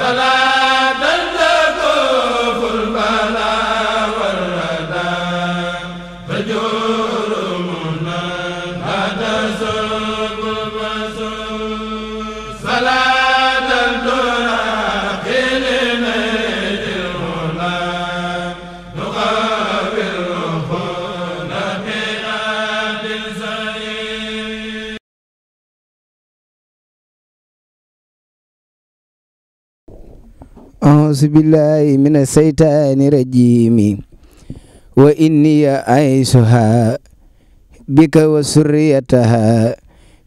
salaam أعوذ بالله من الشيطان الرجيم وإني أعيشها بك وسريتها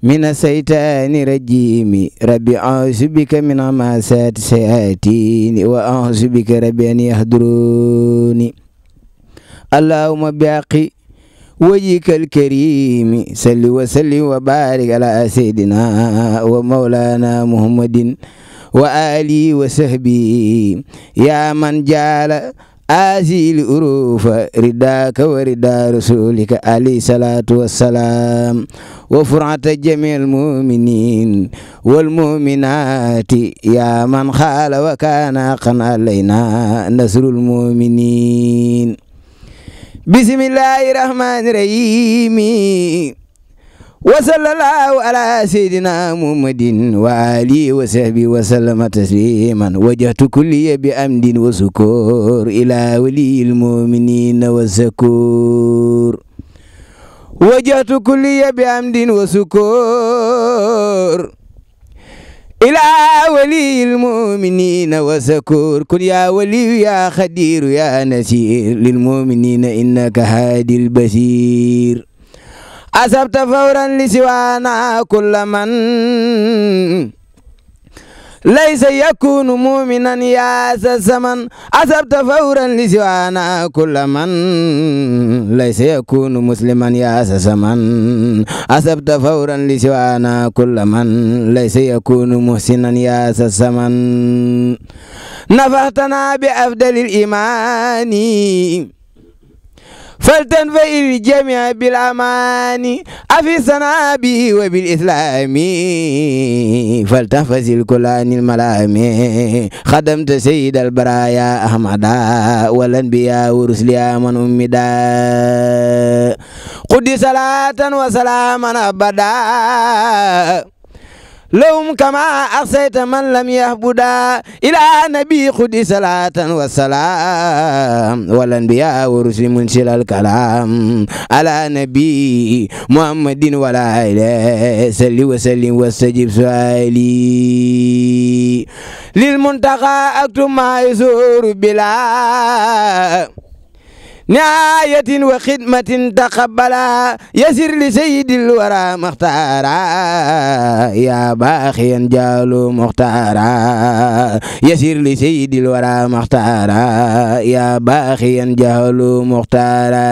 من الشيطان الرجيم ربي أعوذ بك من همزات الشياطين وأعوذ بك ربي أن يحضرون اللهم بحق وجهك الكريم صل وسلم وبارك على سيدنا ومولانا محمد wa ali wa sahbi ya man jaala asil urufa ridaka wa rida rasulika alayhi salatu wassalam wa furata jami'al mu'minin wal mu'minati ya man khala wa kana qan alayna nasrul mu'minin bismillahir rahmanir rahim وصلى الله على سيدنا محمد وآله وصحبه وسلم تسليما وجهت كلي بأمد وسكور إلى ولي المؤمنين والسكور وجهت كلي بأمد وسكور إلى ولي المؤمنين وسكور كن يا ولي يا خدير يا نسير للمؤمنين إنك هادي البصير أسبت فورا لسوانا كل من ليس يكون مؤمنا يا الزمن أسبت فورا لسوانا كل من ليس يكون مسلما يا الزمن أسبت فورا لسوانا كل من ليس يكون محسنا يا الزمن نفحتنا بأفضل الإيمان فلتنفئ الجميع بالأمان أفسنا به وبالإسلام فلتحفظ الكل عن الملام خدمت سيد البرايا أحمدا والأنبياء ورسلها من أمدا قد صلاة وسلاما أبدا لهم كما أحصيت من لم يهبدا إلى نبي خدي صلاة والسلام والأنبياء ورسل منشل الكلام على نبي محمد ولا إله سلي وسلم واستجب سؤالي للمنتقى أكتم ما يزور بلا نعاية وخدمة تقبلا يسر لسيد الورى مختارا يا باخيا جالو مختارا يسر لسيد الورى مختارا يا باخيا جالو مختارا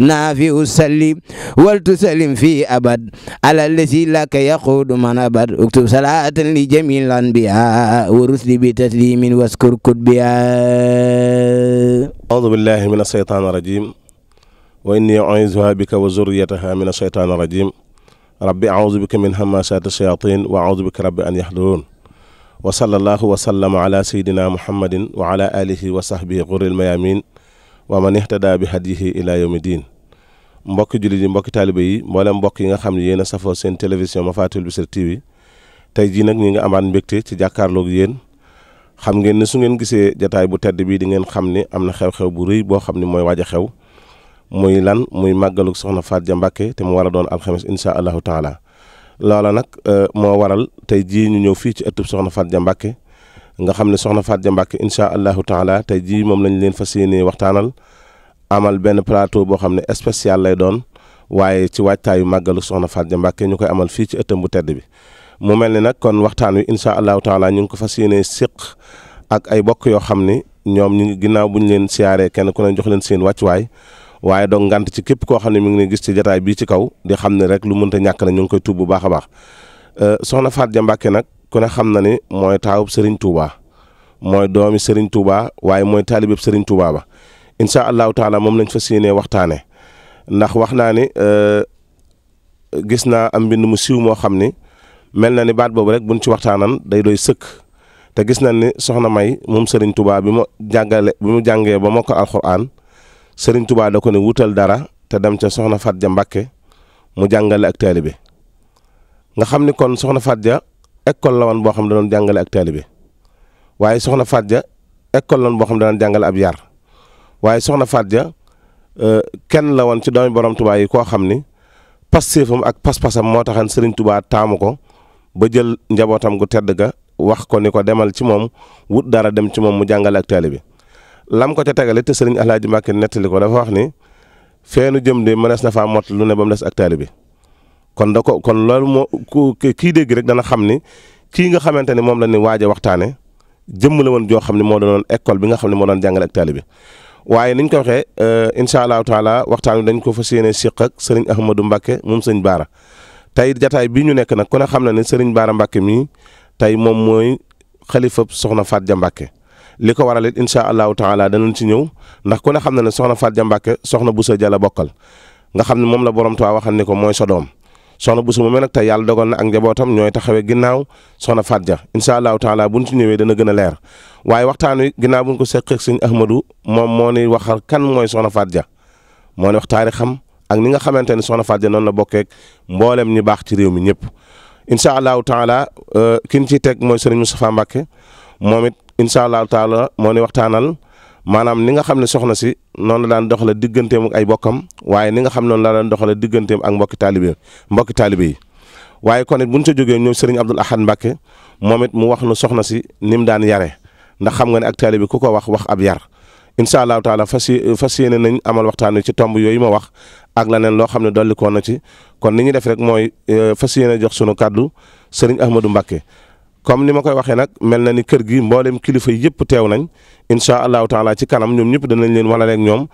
نافي السليم ولتسلم في أبد على الذي لك يقود من أبد اكتب صلاة لجميع الأنبياء ورسل بتسليم واذكر كتبيا audu billahi min asheytaan irajim wa inni u'iizuha bika wa zurriyataha min asheytaan irajim rabbi audu bika min hamasaati shayatin wa audu bika rabbi an yahduruun wa sallallahu wa sallama ala sayidina muhammadin wa ala wa sahbihi xurril mayamin wa man ihtada bi hadihi ila yawmi din mbokki jullit yi mbokki taalibe yi mboolem mbokk yi nga xam ne yéen a safoo seen télévision Mafaatihul Bichri TV tey jii nag ñi nga amaat mbégte ci jàkkaarloog yéen xam ngeen ne su ngeen gisee jataay bu tedd bi di ngeen xam ne am na xew-xew bu rëy boo xam ne mooy waaj xew muy lan muy màggalu soxna Faat Ja Mbàkke te mu war a doon alxames incha allahu taala loola nag euh, moo waral tey jii ñu ñëw fii ci ëttub soxna Faat Ja Mbàkke nga xam ne soxna Faat Ja Mbàkke incha allahu taala tey jii moom lañ leen fa yéenee waxtaanal amal benn plateau boo xam ne spécial lay doon waaye ci waajtaayu màggalu soxna Faat Ja Mbàkke ñu koy amal fii ci ëttam bu tedd bi mu mel ni nag kon waxtaan wi incha allahu taala ñu ngi ko fa yéenee siq ak ay bokk yoo xam ni ñoom ñu ngi ginnaaw bu ñu leen siyaaree kenn ku ne jox leen seen wàccuwaay waaye donc ngant ci képp koo xam ne mi ngi ne gis ci jataay bii ci kaw di xam ne rek lu mënta ñàkk la ñu ngi koy tuub bu baax a baax euh, soxna Faat Ja nag ku ne xam na ni mooy taawub sëriñ Touba mooy doomi Serigne Touba waaye mooy taalibeb Serigne Touba ba incha allahu taala moom lañ fa yéenee waxtaanee ndax wax naa ni euh, gis naa am mbind mu siiw moo xam ni mel na ni baat boobu rek buñ ci waxtaanan day doy sëkk te gis nañ ni soxna May moom sëriñ tubaa bi mu jàngale bi mu jàngee ba mokkal alxuraan sëriñ tubaa da ko ne wutal dara te dem ca soxna ja Mbàkke mu jàngale ak taalibe nga xam ni kon soxna ja école la woon boo xam ne da doon jàngale ak taalibe waaye soxna Fatja école la woon boo xam ne da doon jàngale ab yar waaye soxna ja euh, kenn la woon ci doomi borom Touba yi koo xam ni pastéefam ak pas-pasam moo taxan Serigne Touba taamu ko. ba jël njabootam gu tedd ga wax ko ni ko demal ci moom wut dara dem ci moom mu jàngale ak taalibe bi lam ko ca tegale te sëriñ Alaaji Mbàkke nettali ko dafa wax ni feenu jëm de nees na faa mot lu ne ba mu des ak taalibe bi kon da ko kon loolu moo ku kii dégg rek dana xam ni kii nga xamante ni moom la ni waaj a waxtaane jëmm la woon joo xam ne moo doon école bi nga xam ne moo doon jàngale ak taalibe bi waaye niñ ko waxee euh, incha allah taala waxtaan wi dañ ko fas yéene siq ak sëriñ Ahmadou Mbàkke moom sëñ Baara tey jataay bi ñu nekk nag ku ne xam na ne Serigne Bara Mbacke mii tey moom mooy xalifab soxna ja Mbacke li ko waral it incha allahu taala danañ ci ñëw ndax ku ne xam na ne soxna Fatja Mbacke soxna Boussa Jalla bokkal nga xam ne moom la borom Tuubaa waxal ni ko mooy sa doom soxna Boussa moom nag te yàlla dogal na ak njabootam ñooy taxawee ginnaaw soxna ja incha allahu bu buñ ci ñëwee dana gën a leer waaye waxtaan wi ginnaaw buñ ko seqeeg sëñ Ahmadou moom moo ni waxal kan mooy soxna Fatja moo ni wax taarixam ak ni nga xamante ne soxna Faty Dia noonu la bokkeek mbooleem ñi baax ci réew mi ñëpp incha allahu taala euh, ki ñu ciy teg mooy sëriñ Moustapha Mbacke moom it incha allahu taala moo ni waxtaanal maanaam ni nga xam ne soxna si noonu la daan doxale digganteem ak ay bokkam waaye ni nga xam noonu la daan doxale digganteem ak mbokki taalibe mbokki taalibe waaye kon it bu ñu ca jógee ñëw sëriñ Abdoul Ahad Mbacke moom it mu wax nu soxna si ni mu daan yare ndax xam nga ne ak taalibe ku ko wax wax ab yar incha allahu taala fas fas yéene nañ amal waxtaan wi ci tomb yooyu ma wax ak leneen loo xam ne dolli ko na ci kon ni ñuy def rek mooy euh, fas yéene jox sunu kàddu sëriñ Ahmadou mbakke comme ni ma koy waxee nag mel na ni kër gi mboolem kilifa yëpp teew nañ incha allahu taala ci kanam ñoom ñëpp danañ leen wala rek ñoom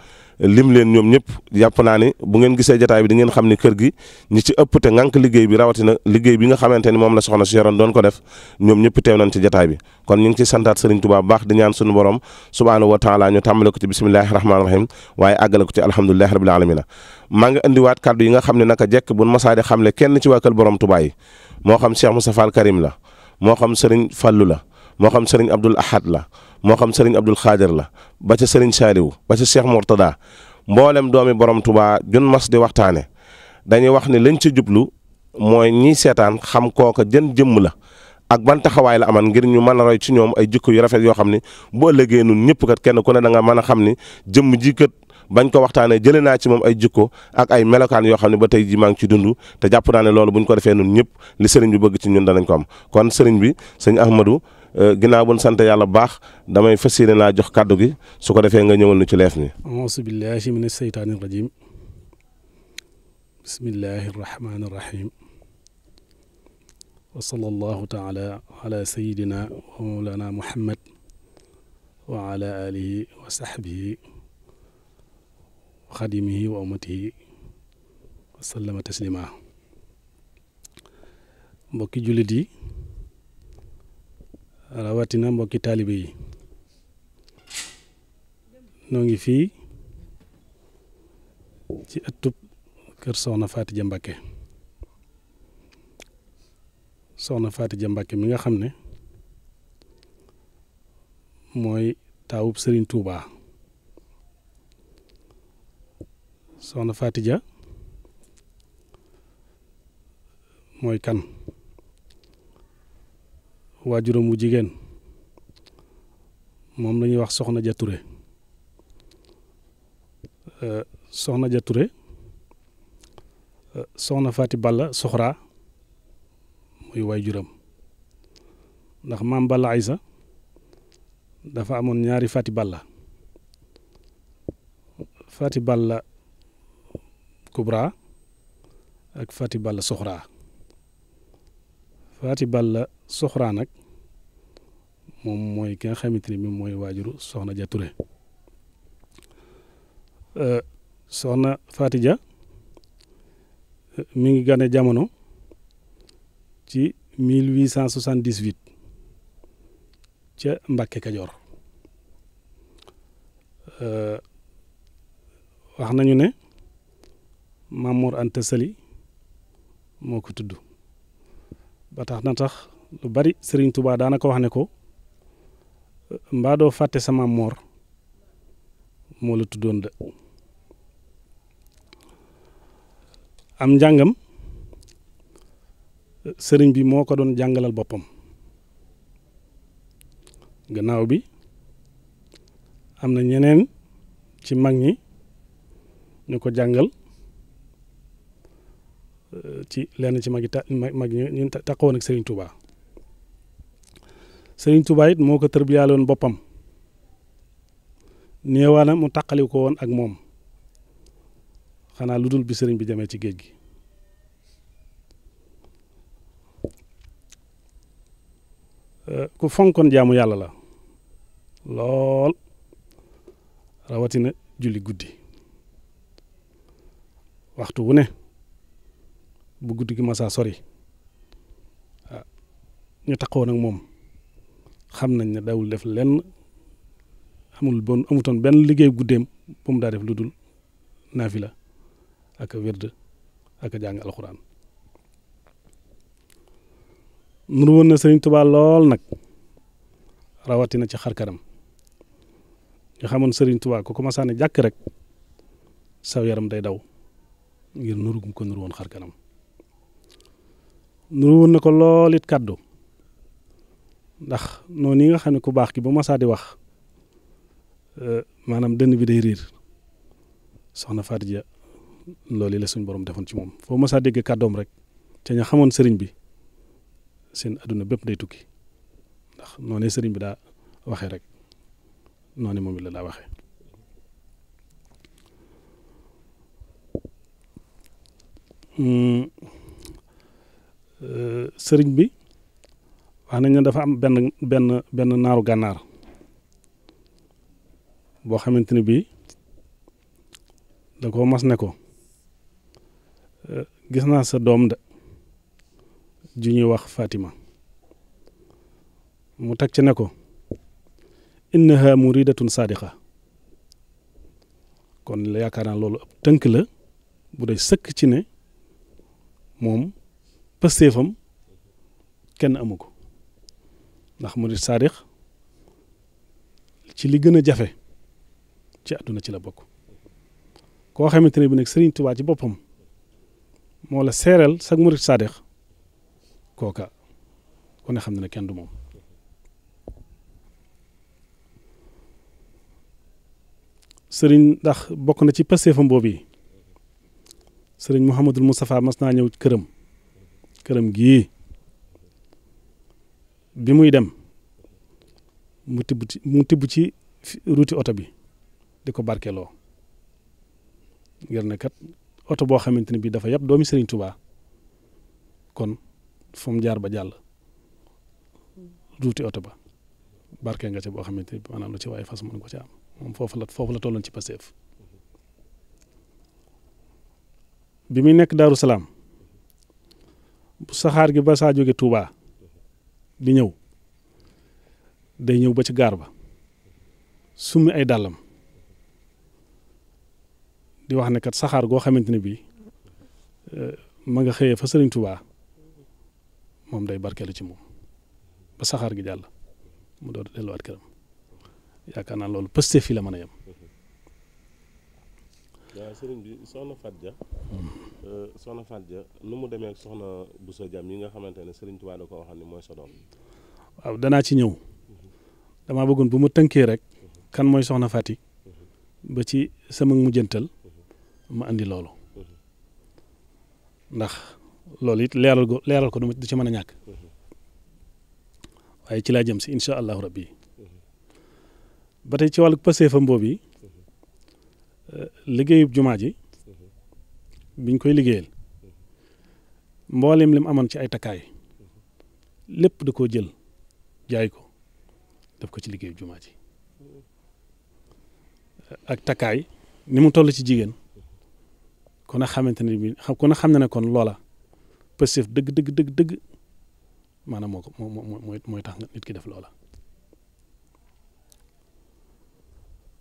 lim leen ñoom ñëpp yàpp naa ni bu ngeen gisee jataay bi di ngeen xam ni kër gi ñi ci ëpp te ngànk liggéey bi rawatina liggéey bi nga xamante ni moom la soxna si yoroon doon ko def ñoom ñëpp teew nañ ci jataay bi kon ñu ngi ci santaat Sëriñ Tuubaa bu baax di ñaan suñu borom subhaanahu wa taala ñu tàmbale ko ci bismillahi rahmaani rahim waaye àggale ko ci alhamdulilahi rabil alamina maa ngi indiwaat kàddu yi nga xam ne naka jekk buñ masaa di xamle kenn ci waa kër borom Tuubaa yi moo xam Cheikh Moustapha al la moo xam Sëriñ Fallu la moo xam Sëriñ Abdul Ahad la moo xam sëriñ Abdul Xaadir la ba ca sëriñ Saaliw ba ca Cheikh Mourtada mboolem doomi borom tubaa jun mas di waxtaane dañuy wax ne lañ ca jublu mooy ñiy seetaan xam kooka jën jëmm la ak ban taxawaay la aman ngir ñu mën a roy ci ñoom ay jikko yu rafet yoo xam ne boo ëllëgee nun ñëpp kat kenn ku ne da nga mën a xam ni jëm ji kat bañ ko waxtaane jëlee naa ci moom ay jikko ak ay melokaan yoo xam ne ba tey ji maa ngi ci dund te jàpp naa ne loolu buñ ko defee nun ñëpp li sëriñ bëgg ci ñun danañ ko am kon sëriñ bi sëñ Ahmadou Euh, ginnaaw bu ñu sant yàlla bu baax damay fas naa jox kàddu gi su ko defee nga ñëwal nu ci leef ni auzu billaahi mina seytaani rajiim bismillaahi rahmaani rahiim wa sallallaahu wa xadimihi wa ummatihi wa sallama taslima mbokki jullit rawatina mbokki taalibe yi noo ngi fii ci ëttub kër soxna Faty Dia Mbacké soxna Faty Dia Mbacké mi nga xam ne mooy taawub Serigne Touba soxna Faty Dia mooy kan waajuram wu jigéen moom la ñuy wax soxna jature euh, soxna jature euh, soxna Faati Balla Soxra muy waajuram ndax maam Balla Aysa dafa amoon ñaari Faati Balla Faati Balla Kubra ak Faati Balla Soxra faati la soxraa nag moom mooy ki nga xamante ni mi mooy waajuru soxna ja Touré euh, soxna faati ja mu ngi gane jamono ci mille huit cent soixante dix huit ca Mbàkke Kajoor euh, wax nañu ne Mamour Anta Sali moo ko tudd ba tax na tax lu bari Serigne Touba daanaka wax ne ko mbaa doo fàtte sama moor moo la tuddoon de am njàngam sëriñ bi moo ko doon jàngalal boppam gannaaw bi am na ñeneen ci mag ñi ñu ko jàngal ci lenn ci magi ta mag ñu taqawoon ak Serigne Touba Serigne Touba it moo ko tërbiyaaloon boppam néewaana mu taqali ko woon ak moom xanaa lu dul bi sëriñ bi demee ci géej gi euh, ku fonkoon jaamu yàlla la lool rawatina julli guddi waxtu wu ne. bu guddi gi masaa sori ah, ñu taxawoon nag moom xam nañ ne dawul def lenn amul bon amutoon benn liggéey guddeem bu mu daa def lu dul naafila ak a wérd ak jàng alxuraan nuru woon na sëriñ tubaa lool nag rawatina ci xar kanam ñu xamoon tubaa ko ku commencé ne jàkk rek saw yaram day daw ngir nuru gum ko nuru woon xar nu woon na ko lool it kàddu ndax noonu yi nga xam ne ku baax ki ba masaa di wax euh, maanaam dënn bi day riir soxna Fatou Dia loolu la suñ borom defoon ci moom foo masaa dégg kàddoom rek te ña xamoon sëriñ bi seen àdduna bépp day tukki ndax noonu sëriñ bi daa waxee rek noonu moom it la daa waxee hmm. Euh, sëriñ bi wax nañ ne dafa am benn benn benn naaru gànnaar boo xamante ne bii da koo mas ne ko euh, gis naa sa doom de ju ñuy wax Fatima mu teg ci ne ko innaha muridatun sadiqa kon yaakaar naa loolu ab tënk la bu dee sëkk ci ne moom pëstéefam kenn amu ko ndax murid saadix ci li gën a jafe ci àdduna ci la bokk koo xamante ne bi nag Sëriñ Tuubaa ci boppam moo la seereel sag murid saadix kooka kone xam ne kenn du moom sëriñ ndax bokk na ci pëstéefam boobu yi sëriñ Mouhamadul Moustapha mas naa ñëw këram këram gii bi muy dem mu tibb ci mu tibb ci ruuti oto bi di ko barkeeloo ngir ne oto boo xamante ne bii dafa yàpp doomi Serigne Touba kon fu jaar ba jàll ruuti oto ba barke nga ci boo xamante ne bii a lu ci waaye fas mën ko ci am moom foofu la foofu la tolloon ci Pastef bi muy nekk Daaru Salaam saxaar gi ba saa jóge Touba di ñëw day ñëw ba ci gaar ba summi ay dàllam di wax ne kat saxaar goo xamante ne bii eh, ma nga xëyee fa sëriñ Touba moom day barkeelu ci moom ba saxaar gi jàll mu door delluwaat këram yaakaar naa loolu pëste fii la mën a yem waaw sëriñ bi soxna Fatou Dia hmm. euh, soxna mu demee soxna Bousso jam yi nga xamante ne sëriñ Tuubaa ko waxoon ni mooy sa doom waaw danaa ci ñëw hmm. damaa bëggoon bu ma tënkee rek hmm. kan mooy soxna Fati ba ci sama mujjantal ma indi loolu ndax loolu it leeral ko leeral ko du ci mën a ñàkk waaye ci laa jëm si incha allahu rabbi ba tey ci wàllu pësee fa mboob yi liggéeyub jumaa ji biñ koy liggéeyal mboolem lim amoon ci ay takkaay lépp da koo jël jaay ko def ko ci liggéeyub jumaa ji ak takkaay ni mu toll ci jigéen kon a xamante ne bi kon a xam ne ne kon loola pësif dëgg dëgg dëgg dëgg maanaam moo ko moo mooy tax nit ki def loola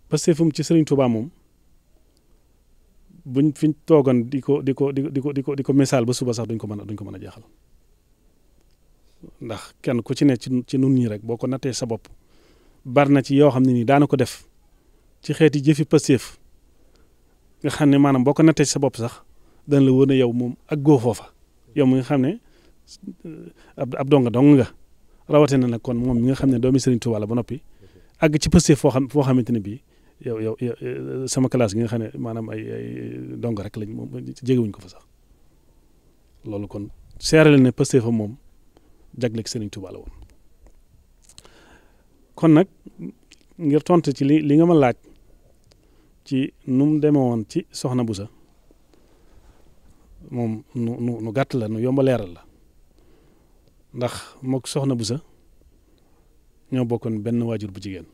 pësifum ci Sëriñ Tuubaa moom buñ fiñ toogoon di ko di ko di ko di ko di ko misaal ba suba sax duñ ko mën a duñ ko mën a jeexal ndax kenn ku ci ne ci nun ñi rek boo ko nattee sa bopp bari na ci yoo xam ne nii daana ko def ci xeeti jëfi Pastef nga xam ne maanaam boo ko nattee sa bopp sax dana la wër ne yow moom ak goo foofa yow mu nga xam ne ab ab donga dong nga na nag kon moom mi nga xam ne doomi Sëriñ Tuubaa la ba noppi àgg ci Pastef foo xam foo xamante ne bii yow yow eh, sama classe nga xam ne maanaam ay ay dong rek lañ moom jegewuñ ko fa loolu kon seerale ne Pastef fa moom jagleeg Sëriñ Tuubaa la woon kon nag ngir tont ci li li nga ma laaj ci nu mu demee woon ci soxna bu Busa moom nu nu gàtt la nu yomba leeral la ndax mook soxna Busa ñoo bokkoon benn waajur bu jigéen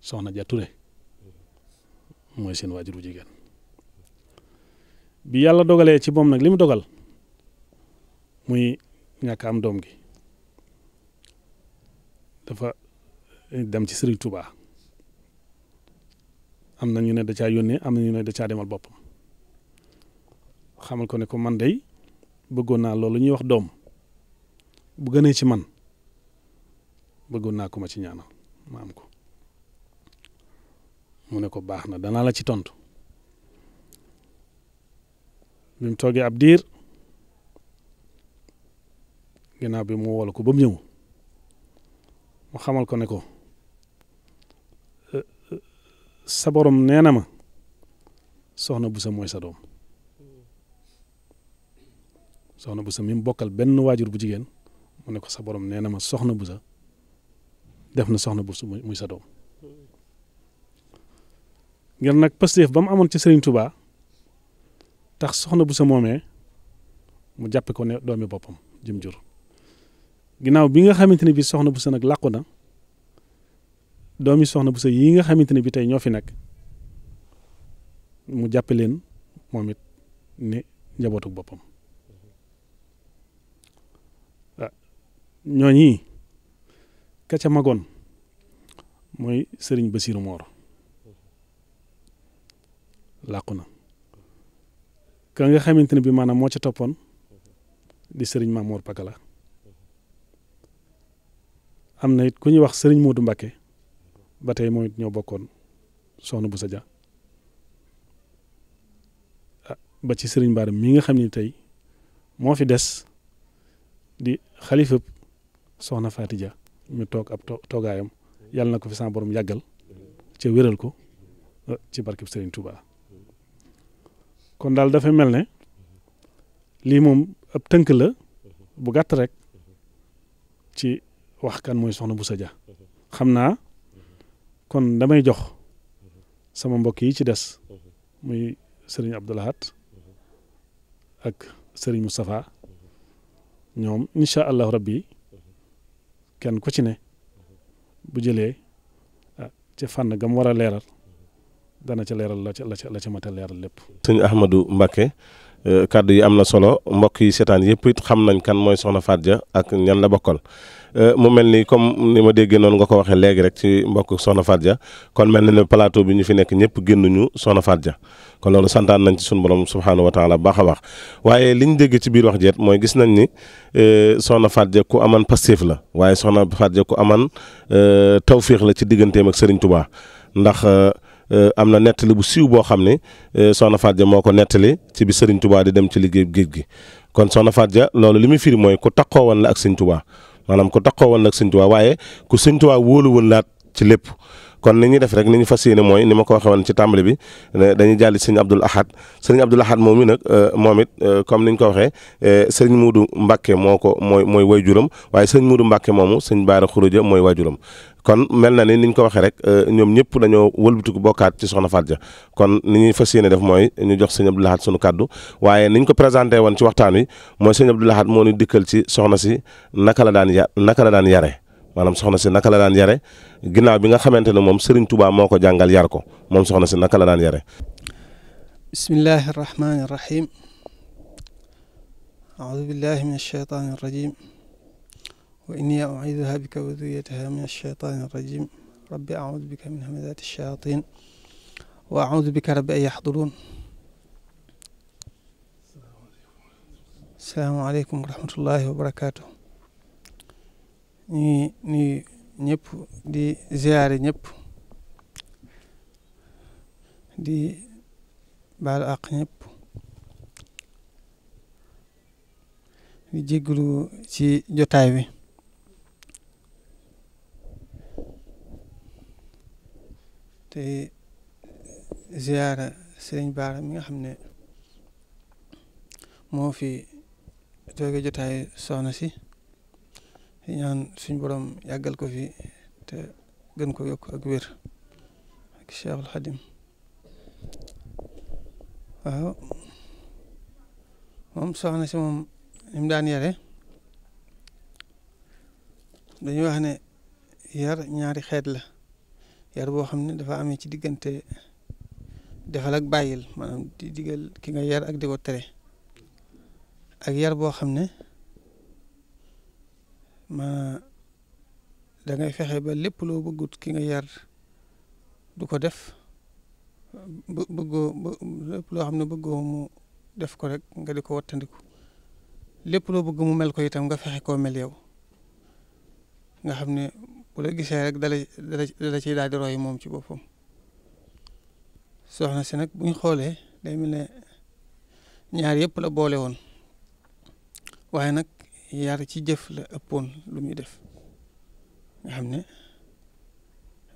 soxna ja mooy seen waajur wu jigéen bi yàlla dogalee ci moom nag li mu dogal muy ñàkk am doom gi dafa dem ci Serigne tubaa am na ñu ne da caa yónnee am na ñu ne da caa demal boppam xamal ko ne ko man dey bëggoon naa loolu ñuy wax doom bu gënee ci man bëggoon naa ko ma ci ñaanal ma am ko. mu ne ko baax na danaa la ci tontu bi toogee ab diir ginnaaw bi mu wol ko ba mu ñëw mu xamal ko ne ko sa borom nee na ma soxna bu sa mooy sa doom bu sa mi mu bokkal benn waajur bu jigéen mu ne ko sa borom nee na ma soxna bu sa def na soxna bu sa muy sa doom ngir nag pësteef ba mu amoon ci Serigne Touba tax soxna bu sa moomee mu jàppe ko ne doomi boppam jëm jur ginnaaw bi nga xamante ne bi soxna bu sa nag làqu na doomi soxna bu sa yi nga xamante ne bi tey ñoo fi nekk mu jàppe leen moom it ne njabootu boppam ah, ñooñi ka ca magoon mooy sëriñ Basiiru Moor làqu na ka nga xamante ne bi maanaam moo ca toppoon di sëriñ Mamour la am na it ku ñuy wax sëriñ Modou Mbacké ba tey moom it ñoo bokkoon soxna bu sa ja ah, ba ci sëriñ Bara mii nga xam ni tey moo fi des di xalifa soxna Faty ja ñu toog ab toogaayam yàlla na ko fi sama borom yàggal ca wéral ko ah, ci barkeb sëriñ tubaa kon daal dafa mel ne lii moom ab tënk la bu gàtt rek ci wax kan mooy soxna Bousso Dia xam naa kon damay jox sama mbokk yi ci des muy sëriñ Abdoul ak sëriñ Moustapha ñoom incha allahu rabbi kenn ku ci ne bu jëlee ci ah, ca fànn gam war a leeral dana ca leeral la ca la ca la ca mat a leeral lépp. sëñ Ahmadou Mbacké euh, kàddu yi am na solo mbokk yi seetaan yëpp it xam nañ kan mooy soxna Faty Dia ak ñan la bokkal euh, mu mel ni comme ni ma déggee noonu nga ko waxee léegi rek ci mbokk soxna Faty Dia kon mel na ne plateau bi ñu fi nekk ñëpp génnuñu soxna Faty Dia kon loolu santaan nañ ci suñu borom subhaanahu wa taala baax a baax waaye li ñu dégg ci biir wax jeet mooy gis nañ ni euh, soxna Faty Dia ku aman Pastef la waaye soxna Faty Dia ku aman tawféex la ci digganteem ak sëriñ tubaa ndax. Euh, am na nettali bu siw boo xam ne euh, soxna Faat Ja moo ko nettali ci bi sëriñ Touba di dem ci liggéey géej gi kon soxna Faat Ja loolu li muy firi mooy ku takkoo woon la ak Serigne Touba maanaam ku takkoo woon la ak Serigne Touba waaye ku Serigne Touba wóolu woon laat ci lépp kon ni ñuy def rek ni ñu fas yéene mooy ni ma ko waxee woon ci tàmbali bi dañuy jàll sëñ Abdoul Ahad sëñ Abdoul Ahad euh, moom mi nag moom comme ni ñu ko waxee sëñ Muudu Mbàkke moo ko mooy mooy waajuram waaye sëñ Muudu Mbàkke moomu sëñ Baara Xuruja mooy waajuram kon mel na ni ni ñu ko waxee rek euh, ñoom ñëpp dañoo wëlbatiku bokkaat ci soxna Faat Ja kon ni ñuy fas yéene def mooy ñu jox sëñ Abdoul Ahad sunu kàddu waaye ni ñu ko présenté woon ci waxtaan wi mooy sëñ Abdoul Ahad moo ñu dikkal ci soxna si naka la daan ya naka la daan yare maanaam soxna si naka la daan yare ginnaaw bi nga xamante ne moom Serigne Touba moo ko jàngal yar ko moom soxna si naka la daan yare bismillahi rahmaani rahim aoudu billahi min alcheytaani bika wa duriyataha min alcheytaani arrajim rabbi aoudu bika min hamazati alchayatin wa aoudu bika rabbi an yaxduruun ñuy nuyu ñëpp di ziare ñëpp di baalu àq ñëpp di jégalu ci jotaay bi te ziara Sëriñ Baara mi nga xam ne moo fi tooge jotaay soxna si di ñaan suñu borom yàggal ko fi te gën ko yokk ak wér ak Cheikh al moom soxna si moom ni mu daan yare dañuy wax ne yar ñaari xeet la yar boo xam ne dafa amee ci diggante defal ak bàyyil maanaam di digal ki yar ak di ko tere ak yar boo xam ne ma dangay fexe ba lépp loo bëggut ki nga yar du ko def bë bëggoo lépp loo xam ne bëggoo mu def ko rek nga di ko wattandiku lépp loo bëgg mu mel ko itam nga fexe koo mel yow nga xam ne bu la gisee rek dala dala ciy daal di roy moom ci boppam soxna si nag bu ñu xoolee day mel ne ñaar yëpp la boole woon waaye nag yar ci jëf la ëppoon lu muy def nga xam ne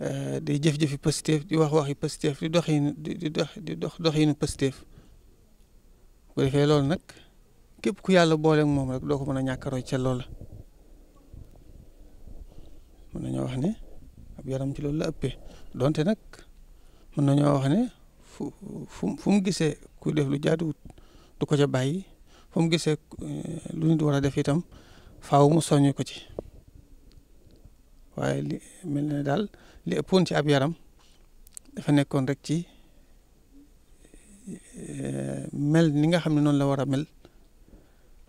eh, day jëf-jëfi Pastef di wax waxi Pastef di dox di dox di dox doxinu Pastef bu defee loolu nag képp ku yàlla booleeg moom rek doo ko mën a ñàkk a roy ca loola mën nañoo wax ne ab yaram ci loolu la ëppee donte nag mën nañoo wax ne fu fu mu gisee ku def lu jaaduwut du ko ca bàyyi. fu mu gisee eh, lu nit war a def itam faaw mu soññu ko ci waaye li mel ne daal li ëppoon ci ab yaram dafa nekkoon rek ci eh, mel ni nga xam ne noonu la war a mel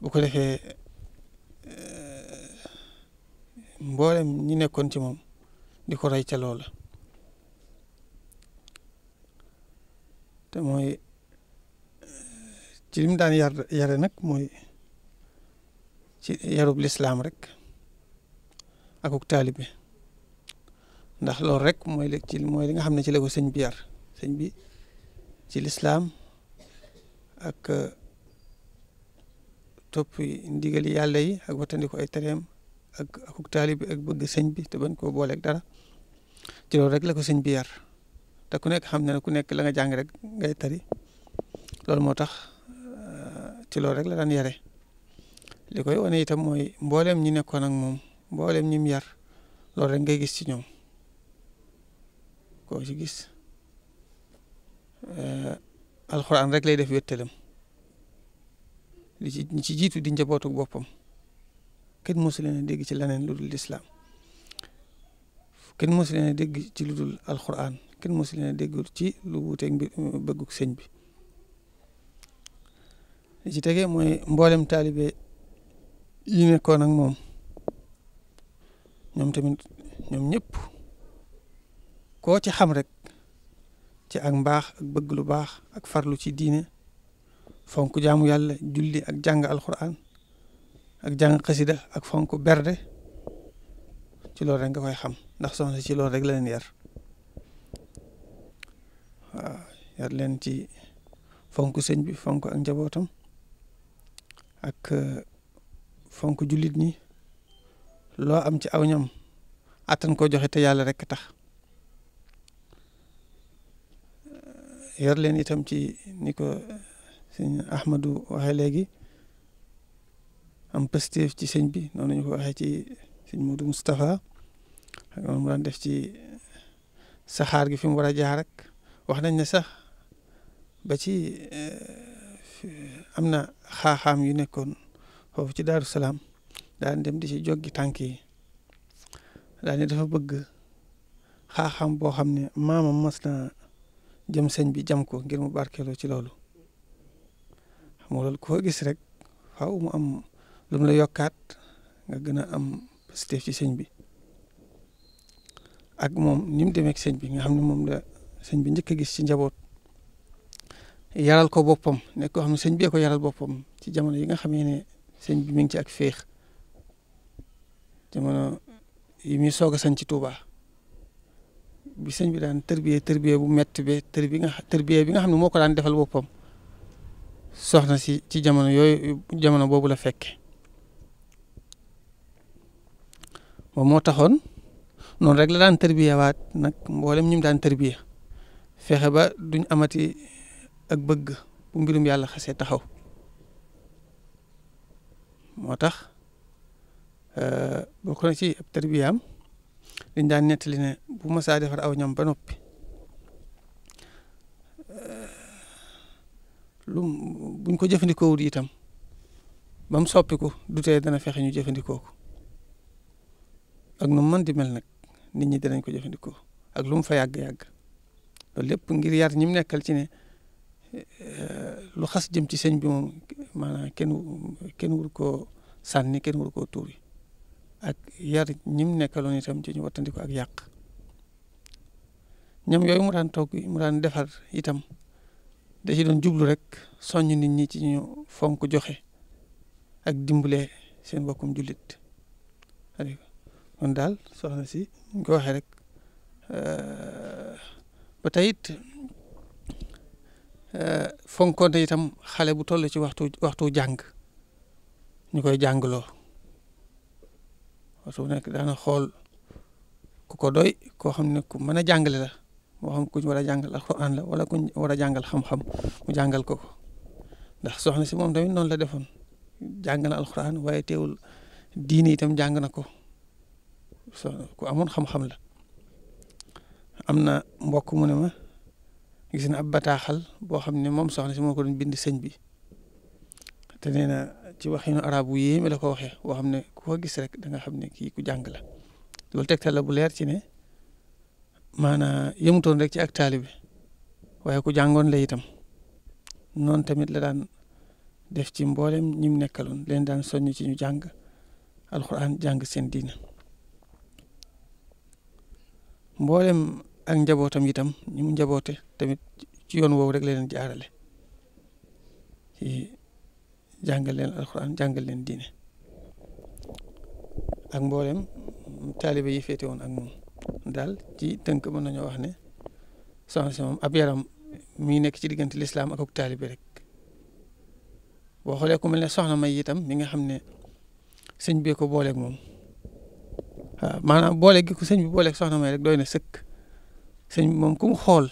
bu ko defee eh, mboolem ñi nekkoon ci moom di ko rey ca loola te mooy ci li daan yar yare nag mooy ci yarub lislaam rek akuk taalibe ndax loolu rek mooy li ci mooy li nga xam ne ci la ko sëñ bi yar sëñ bi ci lislaam ak euh, topp ndigali yàlla yi ak wattandiku ay tereem ak akuk taalibe ak bëgg sëñ bi te bañ koo booleeg dara ci loolu rek la ko sëñ bi yar te ku nekk xam ne ku nekk la nga jàng rek ngay tari loolu moo tax ci loolu rek la daan yare li koy wane itam mooy mbooleem ñi nekkoon ak moom mbooleem ñi mu yar loolu rek ngay gis ci ñoom koo ci gis eh, alxuraan rek lay def wéttalam li ci ñi ci jiitu di njabootu boppam kenn mosu leen a dégg ci leneen lu dul lislaam kenn mosu leen dégg ci lu dul alxuraan kenn mosu leen dégg ci lu wuuteeg mbir bëgguk sëñ bi li ci tege mooy mboolem taalibe yi nekkoon ak moom ñoom tamit ñoom ñëpp koo ci xam rek ci ak mbaax ak bëgg lu baax ak farlu ci diine fonk jaamu yàlla julli ak jàng alxuraan ak jàng xasida ak fonk berde ci loolu rek nga koy xam ndax soxna ci loolu rek leen yar waaw yar leen ci fonk sëñ bi fonk ak njabootam ak euh, fonk jullit ñi loo am ci aw ñam attan koo joxe te yàlla rek tax euh, yor leen itam ci ni ko euh, sëñ Ahmadou waxee léegi am pësteef ci sëñ bi noonu ñu ko waxee ci sëñ Modou Moustapha ak moom daan def ci saxaar gi fi mu war a jaar rek wax nañ ne sax ba ci. am na xaaxaam yu nekkoon foofu ci Daaru Salaam daan dem di ci joggi tànk yi daan dafa bëgg xaaxaam boo xam ne maamam mas na jëm sëñ bi jam ko ngir mu barkeeloo ci loolu xam nga loolu koo gis rek faaw mu am lu la yokkaat nga gën a am positif ci sëñ bi ak moom ni mu demee ak sëñ bi nga xam ne moom la sëñ bi njëkk gis ci njaboot. yaral ko boppam nekk koo xam ne sëñ bee ko yaral boppam ci jamono yi nga xam ne sëñ bi mi ngi ci ak féex jamono yi muy soog a sañ ci Touba bi sëñ bi daan tërbiyee tërbiyee bu mett be tërbi nga tërbiyee bi nga xam ne moo ko daan defal boppam soxna si ci jamono yooyu jamono boobu la fekke moom moo taxoon noonu rek la daan tërbiyewaat nag mboolem ñi mu daan tërbiye fexe ba duñ amati ak bëgg bu mbirum yàlla xasee taxaw moo tax euh, bokk na ci ab tarbiyaam dañ daan nettali ne bu masaa defar aw ñam ba noppi euh, lu buñ ko jëfandikoo wut itam ba mu soppiku du dana fexe ñu jëfandikoo ko ak nu mën di mel nag nit ñi danañ ko jëfandikoo ak lu mu fa yàgg-yàgg lépp ngir yar ñi mu nekkal ci ne lu xas jëm ci sëñ bi moom maanaam kenn kenn wul koo sànni kenn wul koo tuuri ak yar ñim nekkaloon itam ci ñu wattandi ak yàq ñoom yooyu mu daan togg mu daan defar itam da ci doon jublu rek soññ nit ñi ci ñu fonk joxe ak dimbale seen bokkum jullit kon daal soxna si ñu ko waxee rek euh, ba Eh, fonkonte itam xale bu toll ci waxtu waxtu jàng ñu koy jàngloo waxtu nekk daana xool ku ko doy koo xam ne ku mën a jàngale la moo xam ku war a jàngal alxuraan la wala ku war a jàngal xam-xam mu jàngal ko ndax soxna si moom tamit noonu la defoon jàng na alxuraan waaye teewul diini itam jàng na ko ku amoon xam-xam la am na mbokk mu ne ma. gis na ab bataaxal boo xam ne moom soxna si moo ko doon bind sëñ bi te nee na ci waxinu arab wu yéeme la ko waxee boo xam ne ku ko gis rek da nga xam ne kii ku jàng la loolu tegtal la bu leer ci ne maanaa yëmutoon rek ci ak taalibe waaye ku jàngoon la itam noon tamit la daan def ci mboolem ñi mu nekkaloon leen daan soññ ci ñu jàng alxuraan jàng seen diina mboolem ak njabootam itam ñu mu njaboote tamit ci yoon woowu rek la leen jaarale ci jàngal leen alxuraan jàngal leen diine ak mboolem taalibe yi féete woon ak moom daal ci tënk mën nañoo wax ne soxna si moom ab yaram mi nekk ci diggante lislaam ak ak taalibe rek boo xoolee ku mel ne soxna may itam mi nga xam ne sëñ bee ko booleeg moom waaw maanaam booleeg gi ko sëñ bi booleeg soxna may rek doy na sëkk. sëñ bi moom kum xool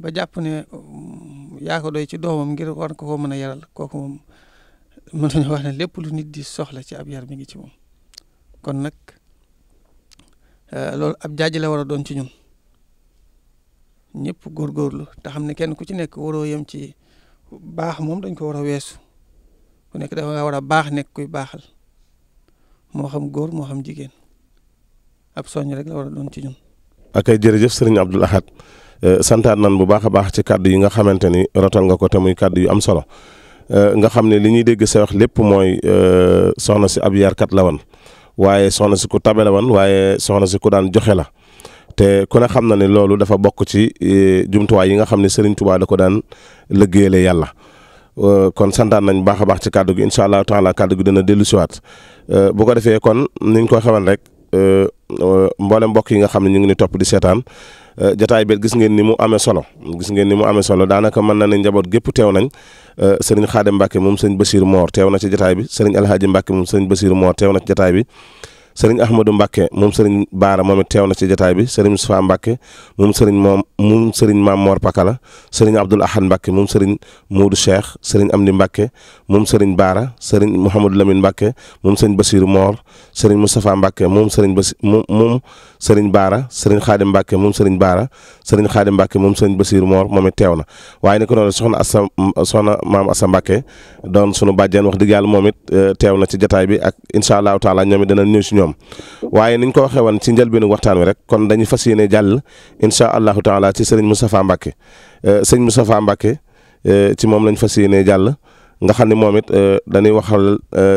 ba jàpp ne mm, yaa ko doy ci doomam ngir war ko ko mën a yaral kooku moom mën nañu wax ne lépp lu nit di soxla ci ab yar mi ngi ci moom kon nag euh, loolu ab jaaj la war a doon ci ñun ñëpp góorgóorlu te xam ne kenn ku ci nekk waroo yem ci baax moom dañ ko war a weesu ku nekk dafa nga war a baax nekk kuy baaxal moo xam góor moo xam jigéen ab soññ rek la war a doon ci ñun ak ay jërëjëf sëriñ Abdul Ahad euh, santaat nan bu baax a baax ci kàddu yi nga xamante ni rotal nga ko te muy kàddu yu am solo euh, nga xam ne li ñuy dégg sa lépp mooy euh, soxna si ab yarkat la woon waaye soxna si ku tabe la waaye soxna si ku daan joxe la te ku ne xam na ne loolu dafa bokk ci e, jumtuwaay yi nga xam ne sëriñ Tuubaa da ko daan lëggéeyale yàlla kon santaan nañ baax a baax ci kàddu gi incha allah taala kàddu gi dana dellu siwaat bu ko defee kon ni ko xamal rek Euh, euh, mboolem mbokk yi nga xam ne ñu ngi ni topp di seetaan euh, jataay be gis ngeen ni mu amee solo gis ngeen ni mu amee solo daanaka mën na ne njaboot gépp teew nañ sëriñ Xaadim Mbàkke moom sëriñ Basiir Moor teew na ci jataay bi sëriñ Alhaaji Mbàkke moom sëriñ Basiir Moor teew na ci jataay bi sëriñ Ahmadou Mbacke moom sëriñ Baara moom it teew na ci jataay bi sëriñ Moustapha Mbacke moom sëriñ moom moom sëriñ Maam Mor Pakala sëriñ Abdoul Ahad Mbacke moom sëriñ Modou Cheikh sëriñ Amdi Mbacke moom sëriñ Baara sëriñ Mouhamadou Lamine Mbacke moom sëriñ Bassirou Mor sëriñ Moustapha Mbacke moom sëriñ Bassi moom moom sëriñ Baara sëriñ Xaadim Mbàkke moom sëriñ Baara sëriñ Xaadim Mbàkke moom sëriñ Basiir Moor moom it teew na waaye ni ko noonu soxna Assa soxna maam Assa Mbàkke doon sunu bàjjeen wax dëgg yàlla moom it eh, teew na ci jataay bi ak incha allahu taala ñoom it dana ñëw si ñoom waaye niñ ko waxee woon ci njëlbeenu waxtaan wi rek kon dañu fas yéene jàll incha allahu taala ci sëriñ Moustapha Mbàkke eh, sëriñ Moustapha Mbàkke eh, ci moom lañu fas yéene jàll nga xam ne moom it dañuy waxal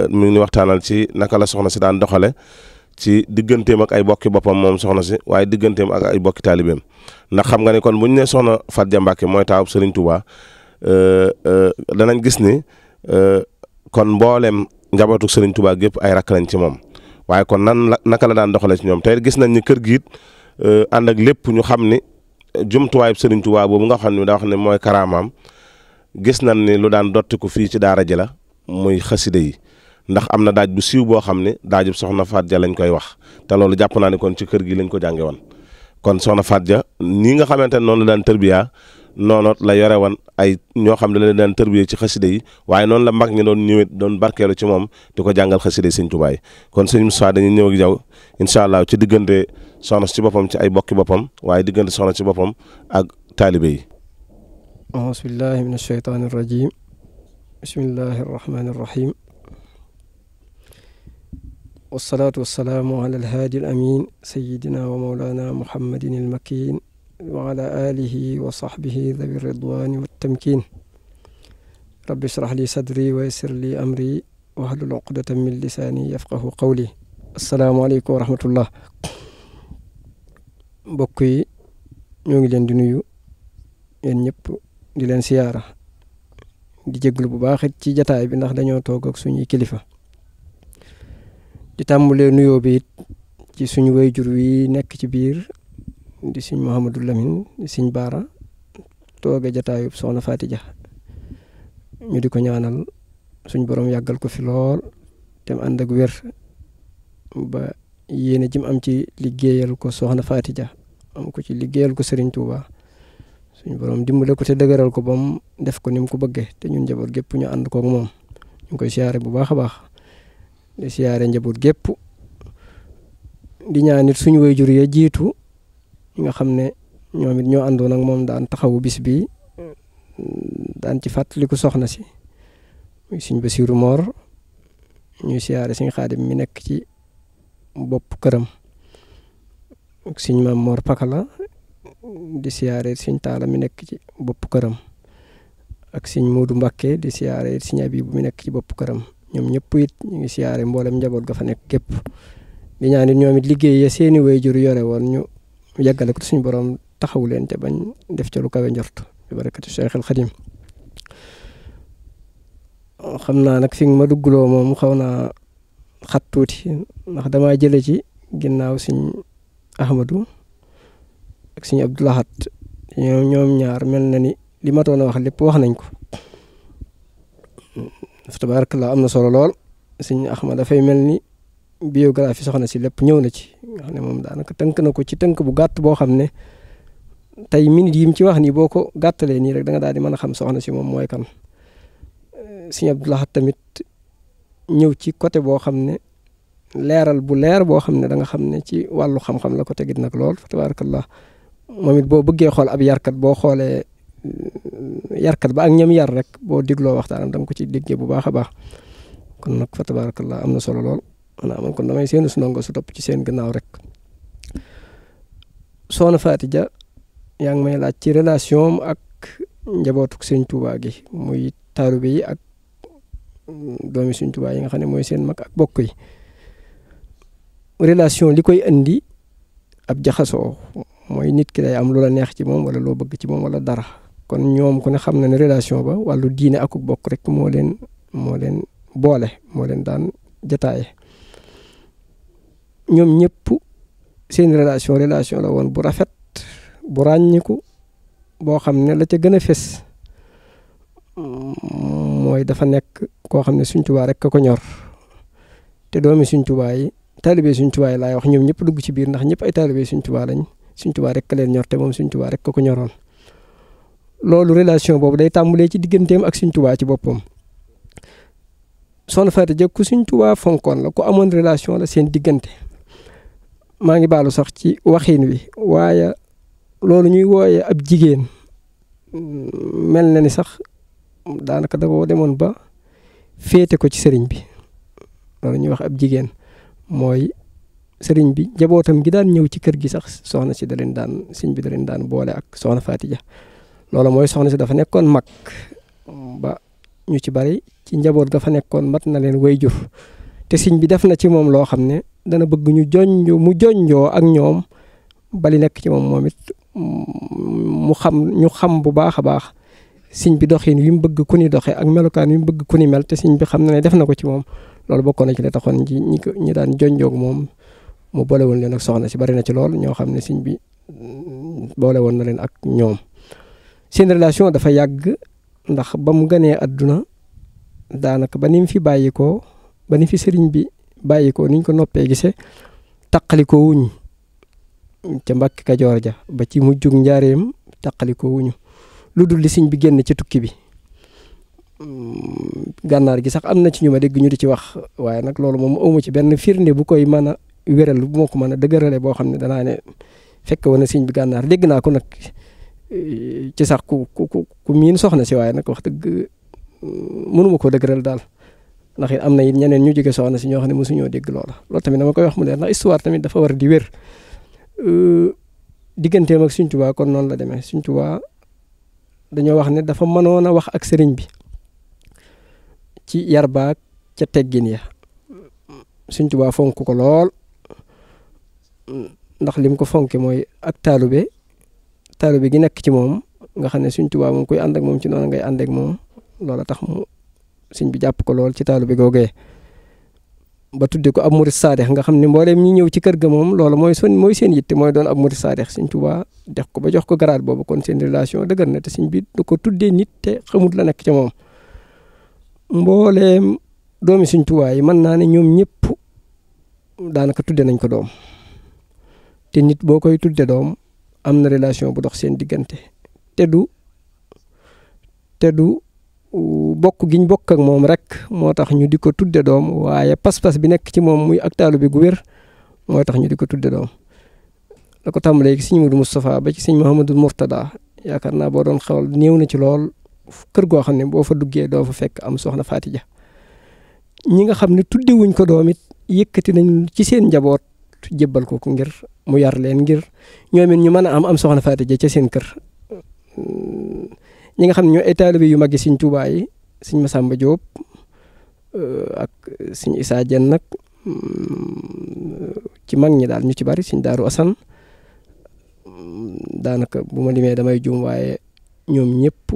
mu ngi waxtaanal ci naka la soxna si daan doxale ci digganteem ak ay bokki boppam moom soxna si waaye digganteem ak ay bokki taalibeem ndax xam nga ne kon bu ñu nee soxna Faty Dia Mbacke mooy taawub Serigne Touba euh, euh, danañ gis ni euh, kon mboolem njabootu Serigne Touba gépp ay rakk lañ ci moom waaye kon nan la naka la daan doxalee ci ñoom tey gis nañ ni kër gi it ànd ak lépp ñu xam ni jumtuwaayub sëriñ Touba boobu nga xam ne daa wax ne mooy karaamaam gis nañ ni lu daan dotti ko fii ci daara ji la muy xaside yi ndax am na daaj bu siiw boo xam ne daajub soxna Faat Ja lañ koy wax te loolu jàpp naa ne kon ci kër gi lañ ko jànge woon kon soxna Faat Ja nii nga xamante ne noonu la daan tërbiyaa noonoot la yore wan ay ñoo xam ne la daan tërbiye ci xaside yi waaye noonu la mag ñi doon ñëwee doon barkeelu ci moom di ko jàngal xaside sëñ Tuubaa yi kon sëñ Moussa dañuy ñëw jaw yow incha allah ci diggante soxna si boppam ci ay bokki boppam waaye diggante soxna ci boppam ak taalibe yi auzu billaahi mina sheytaani والصلاة والسلام على الهادي الأمين سيدنا ومولانا محمد المكين وعلى آله وصحبه ذوي الرضوان والتمكين رب اشرح لي صدري ويسر لي أمري واحلل عقدة من لساني يفقه قولي السلام عليكم ورحمة الله mbokk yi ñoo ngi leen di nuyu yéen ñëpp di leen siyaara di jéglu bu baax it ci jataay bi ndax dañoo toog ak suñuy kilifa di tàmbalee nuyoo bi it ci suñu wayjur wi nekk ci biir di suñ Mouhamadou Lamine di suñ Baara tooge jataa soxna Faty Dia ñu di ko ñaanal suñ borom yàggal ko fi lool te mu ànd ak wér ba jim am ci liggéeyal ko soxna Faty Dia am ko ci liggéeyal ko sëriñ Touba suñ borom dimbale ko te dëgëral ko ba def ko ni mu ko bëggee te ñun njaboot gépp ñu ànd koog moom ñu ngi koy siyaare bu baax a baax. di siyaare njaboot gépp di ñaanit suñu waajur ya jiitu nga xam ne ñoom it ñoo àndoon ak moom daan taxawu bis bi daan ci fàttaliku soxna si muy suñ Basiiru Moor ñuy siyaare suñ Xaadim mi nekk ci bopp këram ak siñ Maam Moor Pakala di siyaare suñ Taala mi nekk ci bopp këram ak suñ Moodu Mbakke di siyaare suñ Abibu mi nekk ci bopp këram ñoom ñëpp it ñu ngi siyaare mboolem njaboot gafa nekk képp di ñaan it ñoom it liggéey ya seeni jur yore woon ñu yàggale ko suñu borom taxawu leen bañ def ca lu kawe njort bi barakatu Cheikh al Khadim xam naa nag fi ma dugguloo moom xaw naa xat tuuti ndax damaa jële ci ginnaaw suñ Ahmadou ak suñ Abdoulahat ñoom ñaar mel na ni li ma na wax lépp wax nañ ko fa tabaarakallaa am na solo lool sëñ Axma dafay mel ni biographie soxna si lépp ñëw na ci nga ne moom daanaka tënk na ko ci tënk bu gàtt boo xam ne tey minute yi mu ci wax nii boo ko gàttalee nii rek da nga daal di mën a xam soxna si moom mooy kan euh, sëñ Abdou Lahad tamit ñëw ci côté boo xam ne leeral bu leer boo xam ne da nga xam ne ci wàllu xam-xam la ko tegit nag lool fa tabaarakallaa moom it boo bëggee xool ab yarkat boo xoolee yarkat ba ak yar rek boo dégloo waxtaanam danga ko ci déggee bu baax a baax kon nag fa tabarakallah am na solo lool maanaam man kon damay seenu su ndongo si topp ci seen gannaaw rek soxna Faty Dia yaa ngi may laaj ci relation am ak njabootuk sëñ Tuubaa gi muy taalibe ak mm, doomi sëñ Tuubaa yi nga xam ne mooy seen mag ak bokk yi relation li koy indi ab jaxasoo mooy nit ki day am lu la neex ci moom wala loo bëgg ci moom wala dara kon ñoom ku ne xam na ne relation ba wàllu diine akuk bokk rek moo leen moo leen boole moo leen daan jataaye ñoom ñëpp seen relation relation la woon bu rafet bu ràññiku boo xam ne la ca gën a fés mooy dafa nekk koo xam ne Sëñ Tuubaa rek ka ñor te doomi Sëñ Tuubaa yi taalibe Sëñ Tuubaa yi laay wax ñoom ñëpp dugg ci biir ndax ñëpp ay taalibe Sëñ Tuubaa lañ Sëñ rek ka moom Sëñ rek ka ko ñoroon loolu relation boobu day tàmbalee ci digganteem ak Sëñ Tuubaa ci boppam soxna Faty Dia ku Sëñ Tuubaa fonkoon la ku amoon relation la seen diggante maa ngi baalu sax ci waxin wi waaye loolu ñuy wooye ab jigéen mel na ni sax daanaka dafa demoon ba féete ko ci sëriñ bi loolu ñuy wax ab jigéen mooy sëriñ bi njabootam ngi daan ñëw ci kër gi sax soxna si da leen daan sëñ bi da leen daan boole ak soxna Faty Dia loolu mooy soxna si dafa nekkoon mag ba ñu ci bari ci njaboot ga nekkoon mat na leen way jur te sëñ bi def na ci moom loo xam ne dana bëgg ñu joñjo mu joñjoo ak ñoom bali nekk ci moom it mu xam ñu xam bu baax a baax sëñ bi doxin wi mu bëgg ku ni doxee ak melokaan wi bëgg ku ni mel xam na ne def na ko ci moom loolu bokkoon a ci la taxoon ñi ñi ñi daan jonjook moom mu boole woon leen ak soxna si bari na ci lool ñoo xam ne sëñ bi mm, boole woon na leen ak ñoom. seen relation dafa yàgg ndax ba mu ganee àdduna daanaka ba ni mu fi bàyyikoo ba ni fi sëriñ bi bàyyikoo niñ ko noppee gisee ko wuñ ca Mbàkke Kajoor ja ba ci mujjug njaareem ko wuñu lu dul li sëriñ bi génn ci tukki bi mm, gànnaar gi sax am na ci ñu ma dégg ñu di ci wax waaye nag loolu moom amu ci benn firnde bu koy mën a wéral bu ma ko mën a dëgërale boo xam ne danaa ne fekk woon na sëriñ bi gànnaar dégg naa ko nag ci sax ku ku ku miin soxna si waaye nag wax dëgg mm, mënuma koo dëgëral daal ndax yi am na it ñeneen ñu jóge soxna si ñoo xam ne mosuñoo dégg loola loolu tamit dama koy wax mu ne ndax histoire tamit dafa war di wér digganteem ak Sëñ Tuubaa kon noonu la demee Sëñ Tuubaa dañoo wax ne dafa mënoon a wax ak sëriñ bi ci yar ca teggin ya Sëñ Tuubaa fonk ko lool ndax lim ko fonk mooy ak taalu be taalibe gi nekk ci moom nga xam ne Sëriñ Tuubaa moom koy ànd ak moom ci noonu ngay ànd ak moom loola tax mu sëriñ bi jàpp ko lool ci taalibe googee ba tuddee ko ab murid saadex nga xam ne mbooleem ñi ñëw ci kër ga moom loola mooy seen mooy seen yitte mooy doon ab murid saadex Sëriñ Tuubaa def ko ba jox ko garaat boobu kon seen relation dëgër na te sëriñ bi du ko tuddee nit te xamut la nekk ci moom mbooleem doomi Sëriñ Tuubaa yi mën naa ne ñoom ñëpp daanaka tudde nañ ko doom te nit boo koy tudde doom am na relation bu dox seen diggante te du te du bokk giñ bokk ak moom rek moo tax ñu di ko tudde doom waaye pas-pas bi nekk ci moom muy ak taalu bi gu wér moo tax ñu di ko tudde doom la ko tàmbalee ci sëñ Modou Moustapha ba ci sëñ Mouhamadou Mourtada yaakaar naa boo doon xew néew na ci lool kër goo xam ne boo fa duggee doo fa fekk am soxna Faatija ñi nga xam ne tudde wuñ ko doom it yëkkati nañ ci seen njaboot jébbal ko ngir mu yar leen ngir ñoom ñu mën a am am soxna Faati Ja ca seen kër. ñi nga xam ne ñoo ay taalibe yu mag yi Sëñ Tuubaa ma Sëñ Masamba Jóob euh, ak Sëñ Isaa nag mm, ci mag ñi daal ñu ci bari Sëñ Daaru Asan mm, daanaka bu ma limee damay juum waaye ñoom ñëpp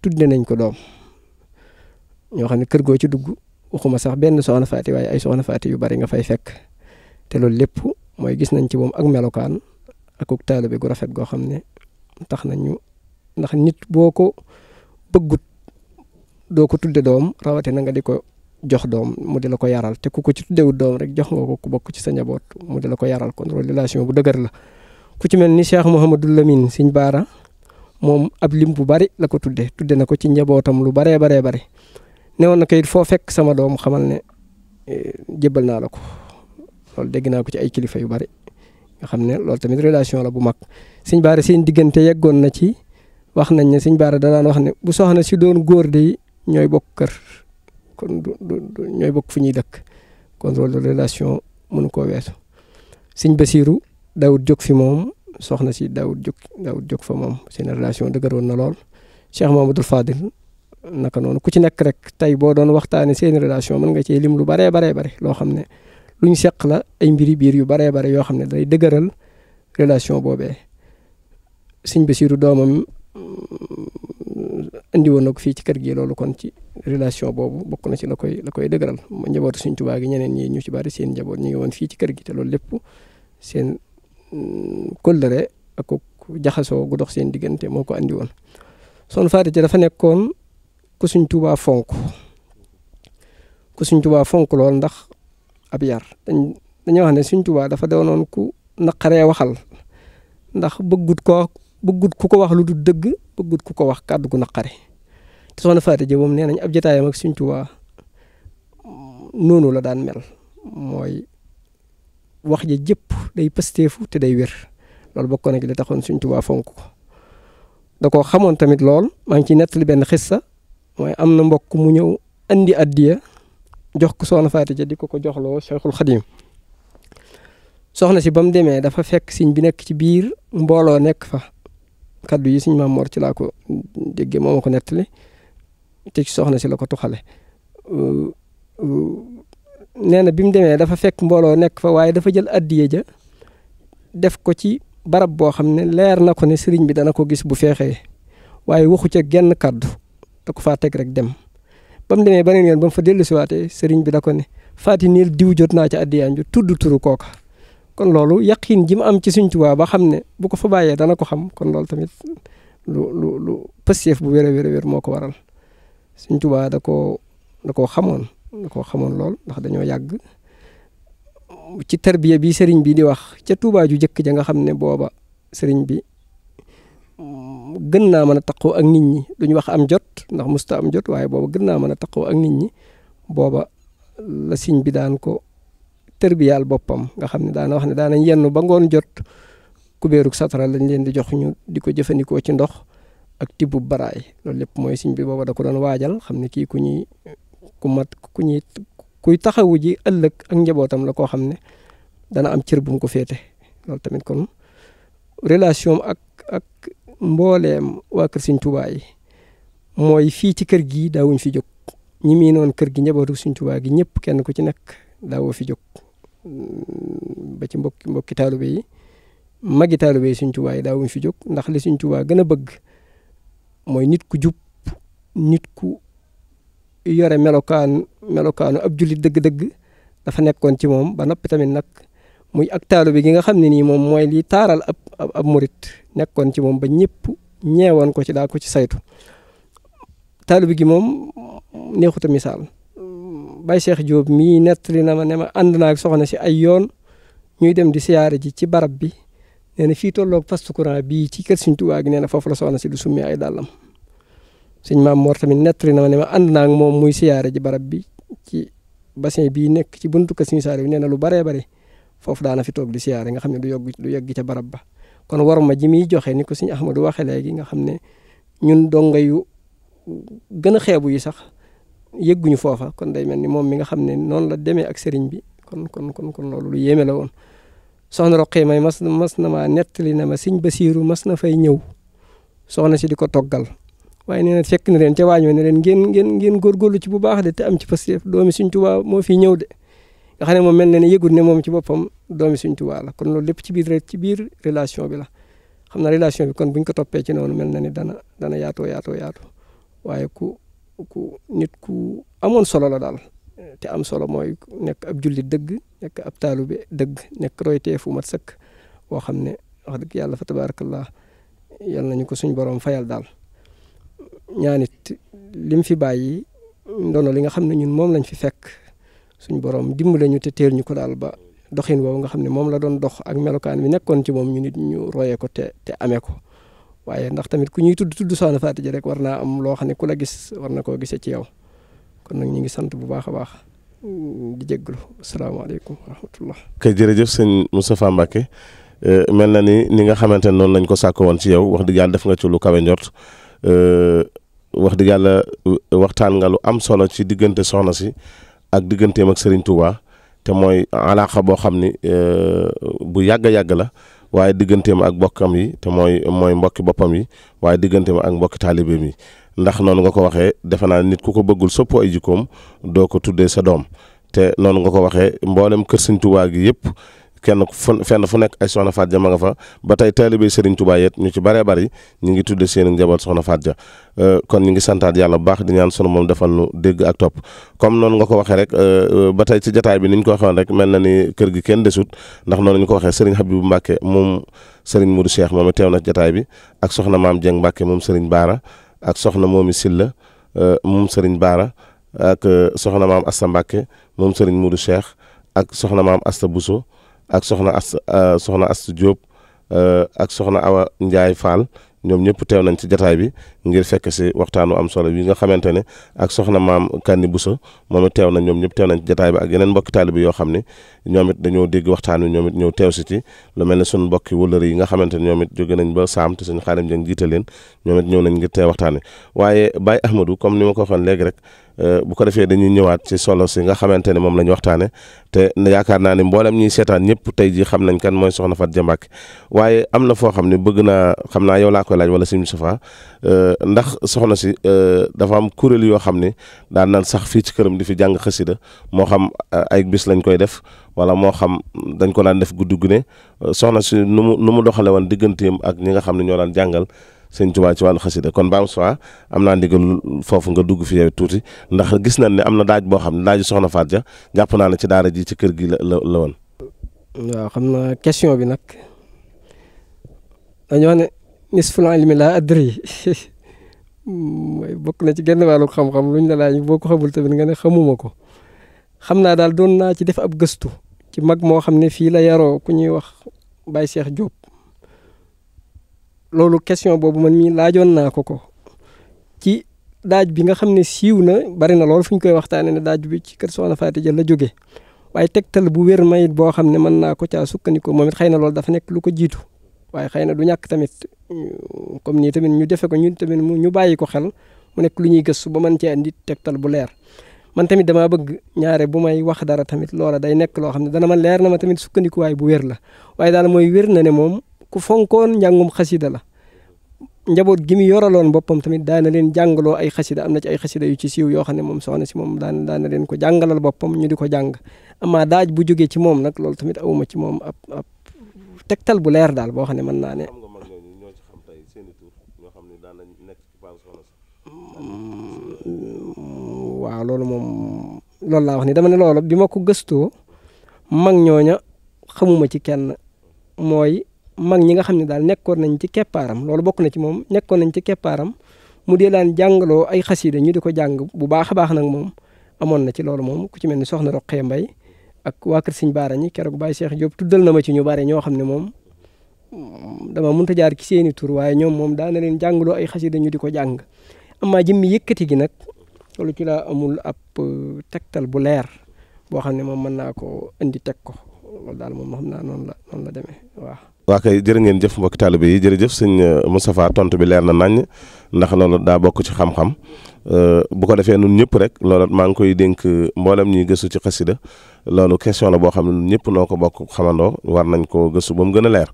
tudde nañ ko doom ñoo xam ne kër goo ci dugg waxuma sax benn soxna faati waaye ay soxna faati yu bari nga fay fekk te loolu lépp mooy gis nañ ci moom ak melokaan ak uk taalibe gu rafet goo xam ne tax nañu ndax nit boo ko bëggut doo ko tudde doom rawate na nga di ko jox doom mu di la ko yaral te ku ko ci tuddewut doom rek jox nga ko ku bokk ci sa njaboot mu di la ko yaral kon loolu bu dëgër la ku ci mel ni Cheikh Mouhamadou Lamine Sëñ Baara moom ab lim bu bari la ko tudde tudde na ko ci njabootam lu baree baree bari newoon na ko it foo fekk sama doom xamal ne eh, jébbal naa la ko loolu dégg naa ko ci ay kilifa yu bari nga xam ne loolu tamit relation la bu mag sëñ Baara seen diggante yeggoon na ci wax nañ ne sëñ Baara da daan wax ne bu soxna si doon góor de ñooy bokk kër kon ñooy bokk fu ñuy dëkk kon relation mënu koo weesu. sëñ Basiiru daawut jóg fi moom soxna si daawut jóg daawut jóg fa moom seen relation dëgëroon na lool Cheikh Mamadou Fadil naka noonu ku ci nekk rek tey boo doon waxtaanee seen relation mën nga cee lu baree baree bare loo xam ne. lu ñu seq la ay mbiri biir yu baree bare yoo xam ne day dëgëral relation boobee sëñ Basiiru doomam mm, indi woon na ko fii ci kër gi loolu kon ci relation boobu bokk na ci la koy la koy dëgëral njabootu Sëñ Tuubaa gi ñeneen ñi ñu ci bari seen njaboot ñu ngi woon fii ci kër gi te loolu lépp seen mm, kóllëre ak jaxasoo gu dox seen diggante moo ko andi woon Soxna Faati ci dafa nekkoon ku Sëñ Tuubaa fonk ku Sëñ fonk lool ndax ab yar dañoo wax ne Sëriñ dafa doonoon ku naqaree waxal ndax bëggut ko bëggut ku ko wax lu du dëgg bëggut ku ko wax kàddu gu naqare te soxna Faati Jaa moom nee nañ ab jotaayam ak Sëriñ Tuubaa noonu la daan mel mooy wax ja jëpp day pësteefu te day wér loolu bokkoon ak li taxoon Sëriñ fonk ko da koo xamoon tamit lool maa ngi ciy nettali benn xissa mooy am na mbokk mu ñëw indi addiya jox ko soxna Faati ja di ko ko joxloo seexul Xadim soxna si ba mu demee dafa fekk siñ bi nekk ci biir mbooloo nekk fa kaddu yi siñ ma Mor ci laa ko déggee moo ma ko nettali te ci soxna si la ko tuxale nee na bi demee dafa fekk mbooloo nekk fa waaye dafa jël addiye ja def ko ci barab boo xam ne leer na ko ne sëriñ bi dana ko gis bu feexee waaye waxu ca genn kaddu da ko faa teg rek dem ba mu demee beneen yoon fa mu fa dellusiwaatee bi da ko ne faati niil diw jot naa ci addiyaam ju tudd turu kooka kon loolu yaqin ji mu am ci Sëriñ Tuubaa ba xam ne bu ko fa bàyyee dana ko xam kon loolu tamit lu lu lu pësteef bu wér a wér a moo ko waral Sëriñ Tuubaa da koo da koo xamoon da koo xamoon lool ndax dañoo yàgg ci tarbiya bi sëriñ bi di wax ca Tuubaa ju jëkk ja nga xam ne booba sëriñ bi mm, gën naa mën a taqoo ak nit ñi duñ wax am jot ndax musta am jot waaye booba gën naa mën a taqoo ak nit ñi booba la siñ bi daan ko tërbiyaal boppam nga xam ne daana wax ne daanañ yenn ba ngoon jot kubéeruk satara lañ leen di jox di ko jëfandikoo ci ndox ak tibbub baraay loolu lépp mooy siñ bi booba da ko doon waajal xam ne kii ku ñuy ku mat ku ñuy kuy taxawu ji ëllëg ak njabootam la koo xam ne dana am cër bu ko féete loolu tamit kon relation ak ak mbooleem waa kër Sëñ Tuubaa yi mooy fii ci kër gi daawuñ fi jóg ñi mii kër gi njabootu suñ tubaa gi ñëpp kenn ku ci nekk daawoo fi jóg mm, ba ci mbokki mbokki taalube yi magi taalube yi suñ tubaa daawuñ fi jóg ndax li suñ tubaa gën a bëgg mooy nit ku jub nit ku yore melokaanu melokaanu ab jullit dëgg-dëgg dafa nekkoon ci moom ba noppi tamit nag muy ak taalube gi nga xam ne nii moom mooy li taaral ab ab murit nekkoon ci moom ba ñëpp ñeewoon ko ci daa ko ci saytu taalibe gi moom neexut a misaal Baye Cheikh Diop mii nettali na ma ne ma ànd naa ak soxna si ay yoon ñuy dem di siyaare ji ci barab bi nee na fii tolloog poste courant bii ci kër Sëñ Tuubaa gi nee na foofu la soxna si du summi ay dàllam sëñ maam Mor tamit nettali na ma ne ma ànd naa moom muy siyaare ji barab bi ci bassin bii nekk ci buntu kër Sëñ Saaliw bi nee na lu baree bare foofu daana fi toog di siyaare nga xam ne du yogg du yegg ca barab ba kon war ma ji muy joxe ni ko sëñ Ahmadu waxe léegi nga xam ne ñun donga yu gën a xeebu yi sax yëgguñu foofa kon day mel ni moom mi nga xam ne noonu la demee ak sëriñ bi kon kon kon kon loolu lu yéeme la woon. soxna Roqee may mas mas na maa nettali na ma sëñ Basiiru mas na fay ñëw soxna si di ko toggal waaye nee na fekk na leen ca waañoo ne leen ngeen ngeen ngeen góorgóorlu ci bu baax de te am ci Pastef doomi Sëñ Tuubaa moo fi ñëw de. nga xam moom mel na ne yëgul ne moom ci boppam doomi Sëñ Tuubaa la kon loolu lépp ci biir ci biir relation bi la xam na relation bi kon buñ ko toppee ci noonu mel na ni dana dana yaatoo yaatoo yaatoo. waaye ku ku nit ku amoon solo la daal te am solo mooy nekk ab jullit dëgg nekk ab taalibe dëgg nekk roytee fu mat sëkk boo xam ne wax dëgg yàlla fa tabaarakallah yal nañu ko suñ borom fayal daal ñaanit mu fi bàyyi ndono li nga xam ne ñun moom lañ fi fekk suñ borom dimbale ñu te teel ñu ko daal ba doxin woowu nga xam ne moom la doon dox ak melokaan bi kon ci moom ñu nit ñu royee ko te te amee ko waaye ndax tamit ku ñuy tudd tudd soxna Faty Dia rek war naa am loo xam ne ku la gis war na koo gisee ci yow kon nag ñu ngi sant bu baax a baax di jégalu jërëjëf sëñ Moustapha Mbacke euh, mel na ni ni nga xamante ne noonu lañ ko sàkk woon ci yow wax dëgg yàlla def nga ci lu kawe njort euh, wax dëgg yàlla euh, waxtaan nga lu am solo ci diggante soxna si ak digganteem ak sëriñ Touba te mooy alaaxa boo xam ni bu yàgg a yàgg la. waaye digganteem ak bokkam yi te mooy mooy mbokki boppam yi waaye digganteem ak mbokki taalibeem yi ndax noonu nga ko waxee defe naa nit ku ko bëggul soppoo ay jikkoom doo ko tuddee sa doom te noonu nga ko waxee mboolem kër Sëñ gi yëpp kenn fu fenn fu nekk ay soxna Faat Ja ma fa ba tey taalibe Serigne Touba yet ñu ci bëree bari ñu ngi tudde seen njaboot soxna Faat Ja euh, kon ñu ngi santaat yàlla bu baax di ñaan sunu moom defal nu dégg ak topp comme noonu nga ko waxee rek euh, ba tey ci jataay bi ni ñu ko waxee rek mel na ni kër gi kenn desut ndax noonu ñu ko waxee Serigne Habibou Mbacke moom Serigne Modou Cheikh moom teew na jataay bi ak soxna maam Dieng Mbacke moom Serigne Baara ak soxna moomi Silla euh, moom Serigne Baara ak soxna maam Asta Mbacke moom Serigne Modou Cheikh ak soxna maam Asta Bousso ak soxna as euh, soxna Astou Diop euh, ak soxna Awa Ndiaye Fall ñoom ñëpp teew nañ ci jataay bi ngir fekk si waxtaanu am solo yi nga xamante ne ak soxna maam Kandi Bousso moom it teew na ñoom ñëpp teew nañ ci bi ak yeneen mbokki taalibe yoo xam ne ñoom it dégg waxtaan wi ñoom it ñëw teew si ci lu mel ne suñu mbokki wëllëri yi nga xamante ne ñoom it nañ ba saam te suñu xaalim jëng leen ñoom it ñëw nañ ngir teew waxtaan wi waaye Baye Ahmadou ni ma ko waxoon léegi rek euh, bu ko defee dañuy ñëwaat ci solo si nga xamante ne moom la ñu waxtaane te yaakaar naa ne mboolem ñuy seetaan ñëpp tey ji xam nañ kan mooy soxna Faty Dia Mbacké waaye am na foo xam ne bëgg naa xam naa yow laa koy laaj wala Serigne Moustapha euh, ndax soxna si euh, dafa am kuréel yoo xam ne daan naan sax fii ci këram di fi jàng xasida moo xam euh, ay bis lañ koy def wala moo xam dañ ko daan def guddi gu ne soxna si nu mu nu mu doxale woon digganteem ak ñi nga xam ne ñoo daan jàngal sëñ Tuubaa ci wàllu xasida kon baam soi am naa ndigal foofu nga dugg fi yow tuuti ndax gis nañ ne am na daaj boo xam ne daaju soxna Faat Ja jàpp naa ne ci daara ji ci kër gi la la la woon. waaw question bi nag dañoo mooy bokk na ci genn wàllu xam-xam luñ la laaj boo ko xamul tamit nga ne xamuma ko xam naa daal doon naa ci def ab gëstu ci mag moo xam ne fii la yaroo ku ñuy wax Baye Cheikh Diop loolu question boobu man mii laajoon naa ko ko ci daaj bi nga xam ne siiw na bari na lool fu ñu koy waxtaanee ne daaj bi ci kër Soxna Faati Jël la jóge waaye tegtal bu wér mayit boo xam ne mën naa ko caa sukkandiku moom it xëy na loolu dafa nekk lu ko jiitu waaye xëy na du ñàkk tamit euh, comme nii tamit ñu defe ko ñun tamit ñu bàyyi ko xel mu nekk lu ñuy gëstu ba man cee andi tegtal bu leer man tamit damaa bëgg ñaare bu may wax dara tamit loola day nekk loo xam ne dana ma leer na ma tamit sukkandikuwaay bu wér la waaye daal mooy wér na ne moom ku fonkoon njàngum xasida la njaboot gi mu yoraloon boppam tamit daana leen jàngaloo ay xasida am na ci ay xasida yu ci siw yoo xam ne moom soxna si moom daan daana leen ko jàngalal boppam ñu di ko jàng amaa bu jógee ci moom nag loolu tamit awuma ci moom ab tegtal bu leer daal boo xam ne mën naa ne. waaw loolu moom loolu laa wax ni dama ne loolu bi ma ko gëstoo mag ñooña xamuma ci kenn mooy mag ñi nga xam ne daal nekkoon nañ ci keppaaram loolu bokk na ci moom nekkoon nañ ci keppaaram mu dee daan jàngaloo ay xasida ñu di ko jàng bu baax a baax nag moom amoon na ci loolu moom ku ci mel ni soxna Roqee Mbay ak waa kër Sëñ Baara ñi keroog Baye Cheikh Diop tuddal na ma ci ñu bare ñoo xam ne moom dama mënta jaar ci seeni tur waaye ñoom moom daana leen jàngloo ay xasida ñu di ko jàng amaa jëmmi yëkkati gi nag loolu ci laa amul ab euh, tegtal bu leer boo xam ne moom mën naa ko indi teg ko daal moom xam naa noonu la noonu la demee waaw waa kay jërë ngeen jëf mbokki taalibe yi jërëjëf sëñ euh, Moustapha tontu bi leer na naññ ndax loolu daa bokk ci xam-xam euh, bu ko defee nun ñëpp rek loolu maa ngi koy dénk euh, mboolem ñuy gëstu ci xasida loolu question la boo xam ne ñëpp noo ko bokk xamandoo war nañ ko gëstu ba mu gën a leer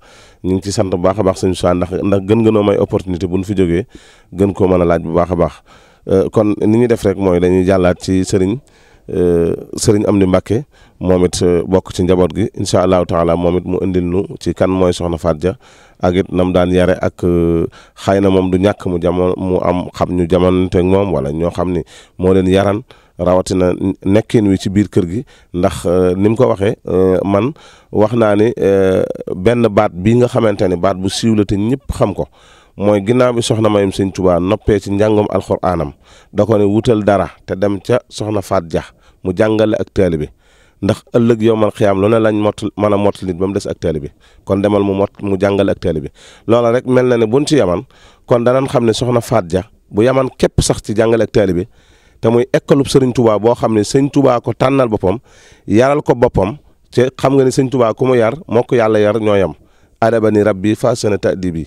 ñu ngi ci sant bu baax a baax sëñ Moussa ndax ndax gën gënoo may opportunité bu ñu fi jógee gën koo mën a laaj bu baax a baax kon ni ñuy def rek mooy dañuy jàllaat ci sëriñ Euh, sëriñ am Mbàkke moom it euh, bokk ci njaboot gi incha allahu taala moom it mu indil nu ci kan mooy soxna Faat Ja ak it nam daan yare ak euh, xëy na moom du ñàkk mu jamono mu am xam ñu jamononteeg moom wala ñoo xam ni moo leen yaran rawatina nekkin wi ci biir kër gi ndax ni mu ko waxee man wax naa ni benn baat bi nga xamante ni baat bu siiw te ñëpp xam ko mooy ginnaaw bi soxna mayum sëñ Tuubaa noppee ci njàngum alxuraanam da ko ne wutal dara te dem ca soxna Faat Ja mu jàngale ak taalibe ndax ëllëg yowmal xiyaam lu ne lañ mot man a mot nit ba mu des ak taalibe kon demal mu mot mu jàngale ak taalibe loola rek mel na ne buñ ci yaman kon danañ xam ne soxna Faat Ja bu yaman képp sax ci jàngale ak taalibe te muy ekkalub sëriñ tubaa boo xam ne sëñ tubaa ko tànnal boppam yaral ko boppam te xam nga ne sëñ tubaa ku mu yar moo yàlla yar ñoo yam adabani rabbi fa sana ta'dibi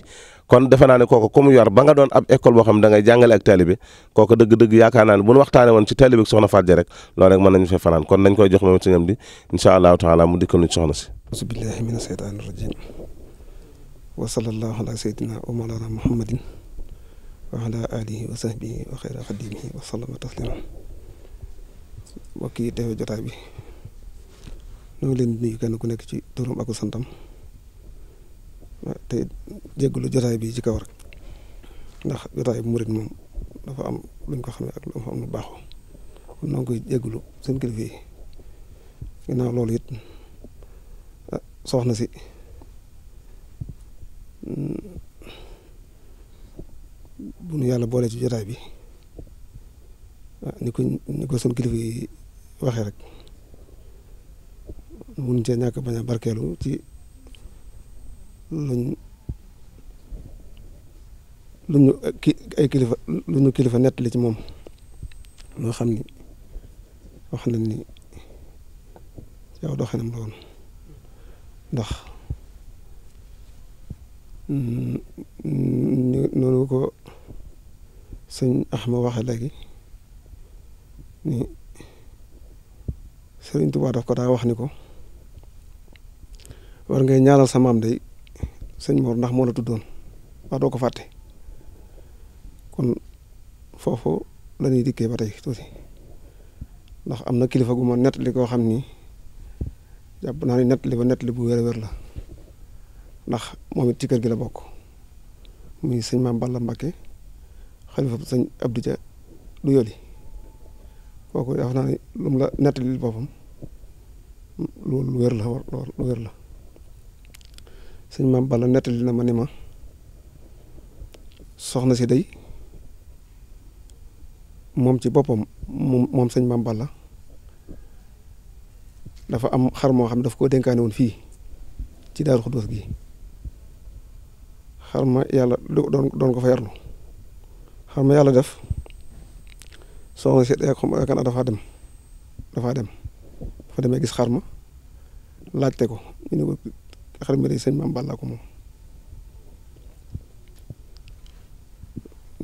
kon defe naa ne kooku ku mu yor ba nga doon ab école boo xam ne da ngay jàngale ak taalibe kooku dëgg-dëgg yaakaar naa ne bu ñu waxtaanee woon ci taalibe ak soxna Faty Dia rek loolu rek mën nañu fee fanaan kon nañ koy jox moom sëñam di incha allahu taala mu dikkal ñu soxna si bismillahi mina sheytaani rajim wa sallallahu ala sayyidina wa mawlana muhammadin wa ala alihi wa sahbihi wa xayra yi teew jotaay bi ñu leen nuyu kenn ku nekk ci turam ak santam te jégalu jotaay bi ci kaw rek ndax jotaay bu murit moom dafa am luñ ko xamee ak lu am lu kon noo koy jégalu seen kilifa yi ginnaaw loolu it ah, soxna si mm, bu yàlla boole ci jotaay bi ah, ni ko ko seen kilifa yi waxee rek mun cee ñàkk bañ barkeelu ci. luñ lu ñu ki kilifa lu ñu kilifa nettali ci moom loo xam ni wax nañ ni yow doxinam la woon ndax mm, noonu ko sëñ Axma waxe léegi ni Sëriñ Tuubaa daf ko daa wax ni ko war ngay ñaanal sa maam day sëñ Mor ndax moo la tuddoon wax doo ko fàtte kon foofu la ñuy dikkee ba tey tuuti ndax am na kilifa gu ma nettali koo xam ni jàpp naa ne nettali ba nettali bu wér a wér la ndax moom it ci kër gi la bokk muy sëñ ma Balla Mbakke xalifa sëñ Abdou Dia du yoli kooku def naa ne lu mu la nettali boppam lu wér la war lu wér la sëñ maam Balla nettali na ma ni ma soxna si day moom ci boppam moom moom sëñ maam Balla dafa am xar moo xam daf koo dénkaane woon fii ci Daaru Xuddoos gi xar ma yàlla doon doon ko fa yarlu xar yàlla def soxna si yaakaar naa dafa dem dafa dem dafa demee gis xar ma laajte ko te xar mi rek sëñ Maam Balla ko moom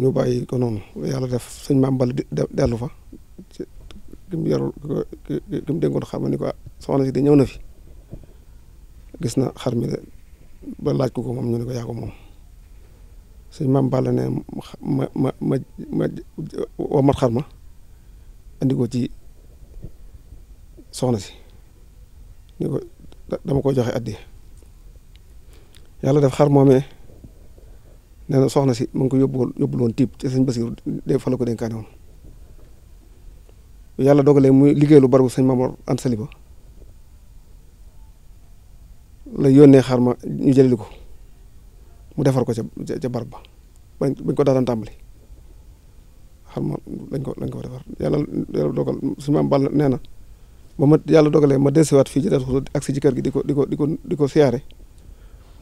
ñu bàyyi ko noonu yàlla def sëñ Maam Balla dellu fa ki mu yarul xar ma ni ko ah, soxna si de ñëw na fi gis na xar mi de ba laaj ko ko moom ñu ne ko yaa ko moom sëñ Maam Balla ne ma ma ma ma wamat xar ma andi ko ci soxna si dama ko joxe addi yàlla def xar moomee nee na soxna si mu ngi ko yóbbuwoon yóbbuloon tiib ci sëñ Basiru de fa la ko dénkaane woon yàlla dogalee muy liggéeylu barabu sëñ Mamoor Anta Sali ba la yónnee xar ma ñu jëleli ko mu defar ko ca ca barab ba bañ ko daataan tàmbali xar ma lañ ko lañ ko defar yàlla yàlla suñu maam Balla nee na ba ma yàlla dogalee ma desewaat fii ci ak si ci kër gi di ko di ko di ko di ko siyaare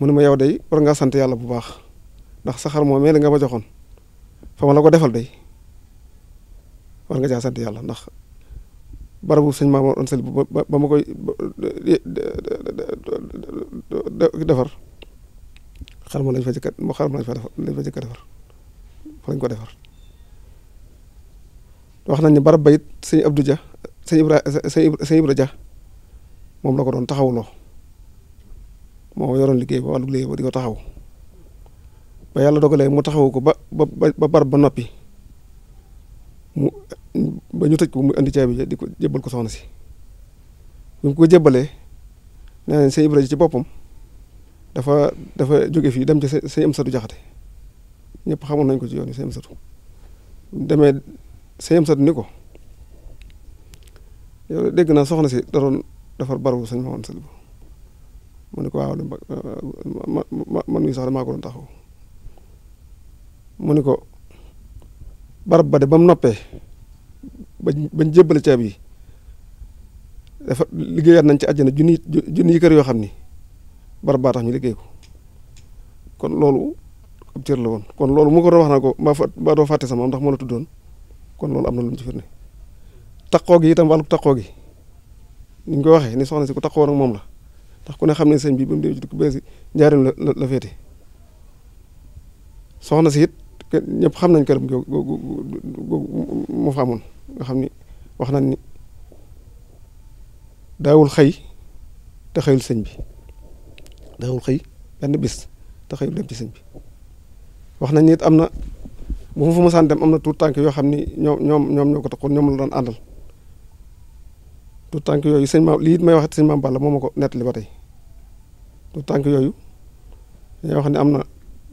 mu ne ma yow day war ngaa sant yàlla bu baax ndax sa xar moom mel nga ma joxoon fa ma la ko defal day war nga caa sant yàlla ndax barabu sëñ Mamoor Anta bu ba ma koy defar xar ma lañ fa jëkka ma lañ fa defar lañ fa jëkka defar ko defar wax nañ ni barab ba it sëñ Abdou Dia sëñ Ibra sëñ Ibra Dia moom la ko doon taxawuloo moo yoroon liggéey ba wàllu liggéey di ko taxaw ba yàlla dogalee mu taxaw ko ba ba ba bar ba noppi mu ba ñu tëj ko mu indi caabi di ko jébbal ko soxna si bi mu ko jébbalee nee nañ sëñ ci boppam dafa dafa jóge fii dem ci sëñ Amsatu Jaxate ñëpp xamoon nañ ko ci yoon yi sëñ Amsatu ni ko yow dégg naa soxna si da doon defar barabu sëñ Maodo Sall mu ne ko waaw ma ma man mii ko doon taxaw mu ne ko barab ba de ba mu noppee bañ bañ jébbale yi dafa liggéeyaat nañ ci àjjana junni juni kër yoo xam ni barab baa tax ñu liggéey ko kon loolu ab cër la woon kon loolu mu ko doon wax naa ko mbaa fa doo fàtte sama am ndax moo la tuddoon kon loolu am na lu mu ci firnde taqoo gi itam wàllu taqoo gi ni ñu ko waxee ni soxna si ku taqoo nag moom la. ndax ku ne xam ne sëñ bi ba mu demee ci dëkk bees yi njaareem la la la féete soxna si it ñëpp xam nañ këram googu mu fa amoon nga xam ni wax nañ ni daawul xëy te xëyul sëñ bi daawul xëy benn bis te xëyul dem ci sëñ bi wax nañ ni it am na bu ma fa mosaan dem am na tuut tànk yoo xam ni ñoom ñoom ñoom ñoo ko taxoon ñoom la daan àndal tuut tànk yooyu sëñ maam lii it may wax sëñ maam Balla moo ma ko nettali ba tey du tànk yooyu dañuy wax ne am na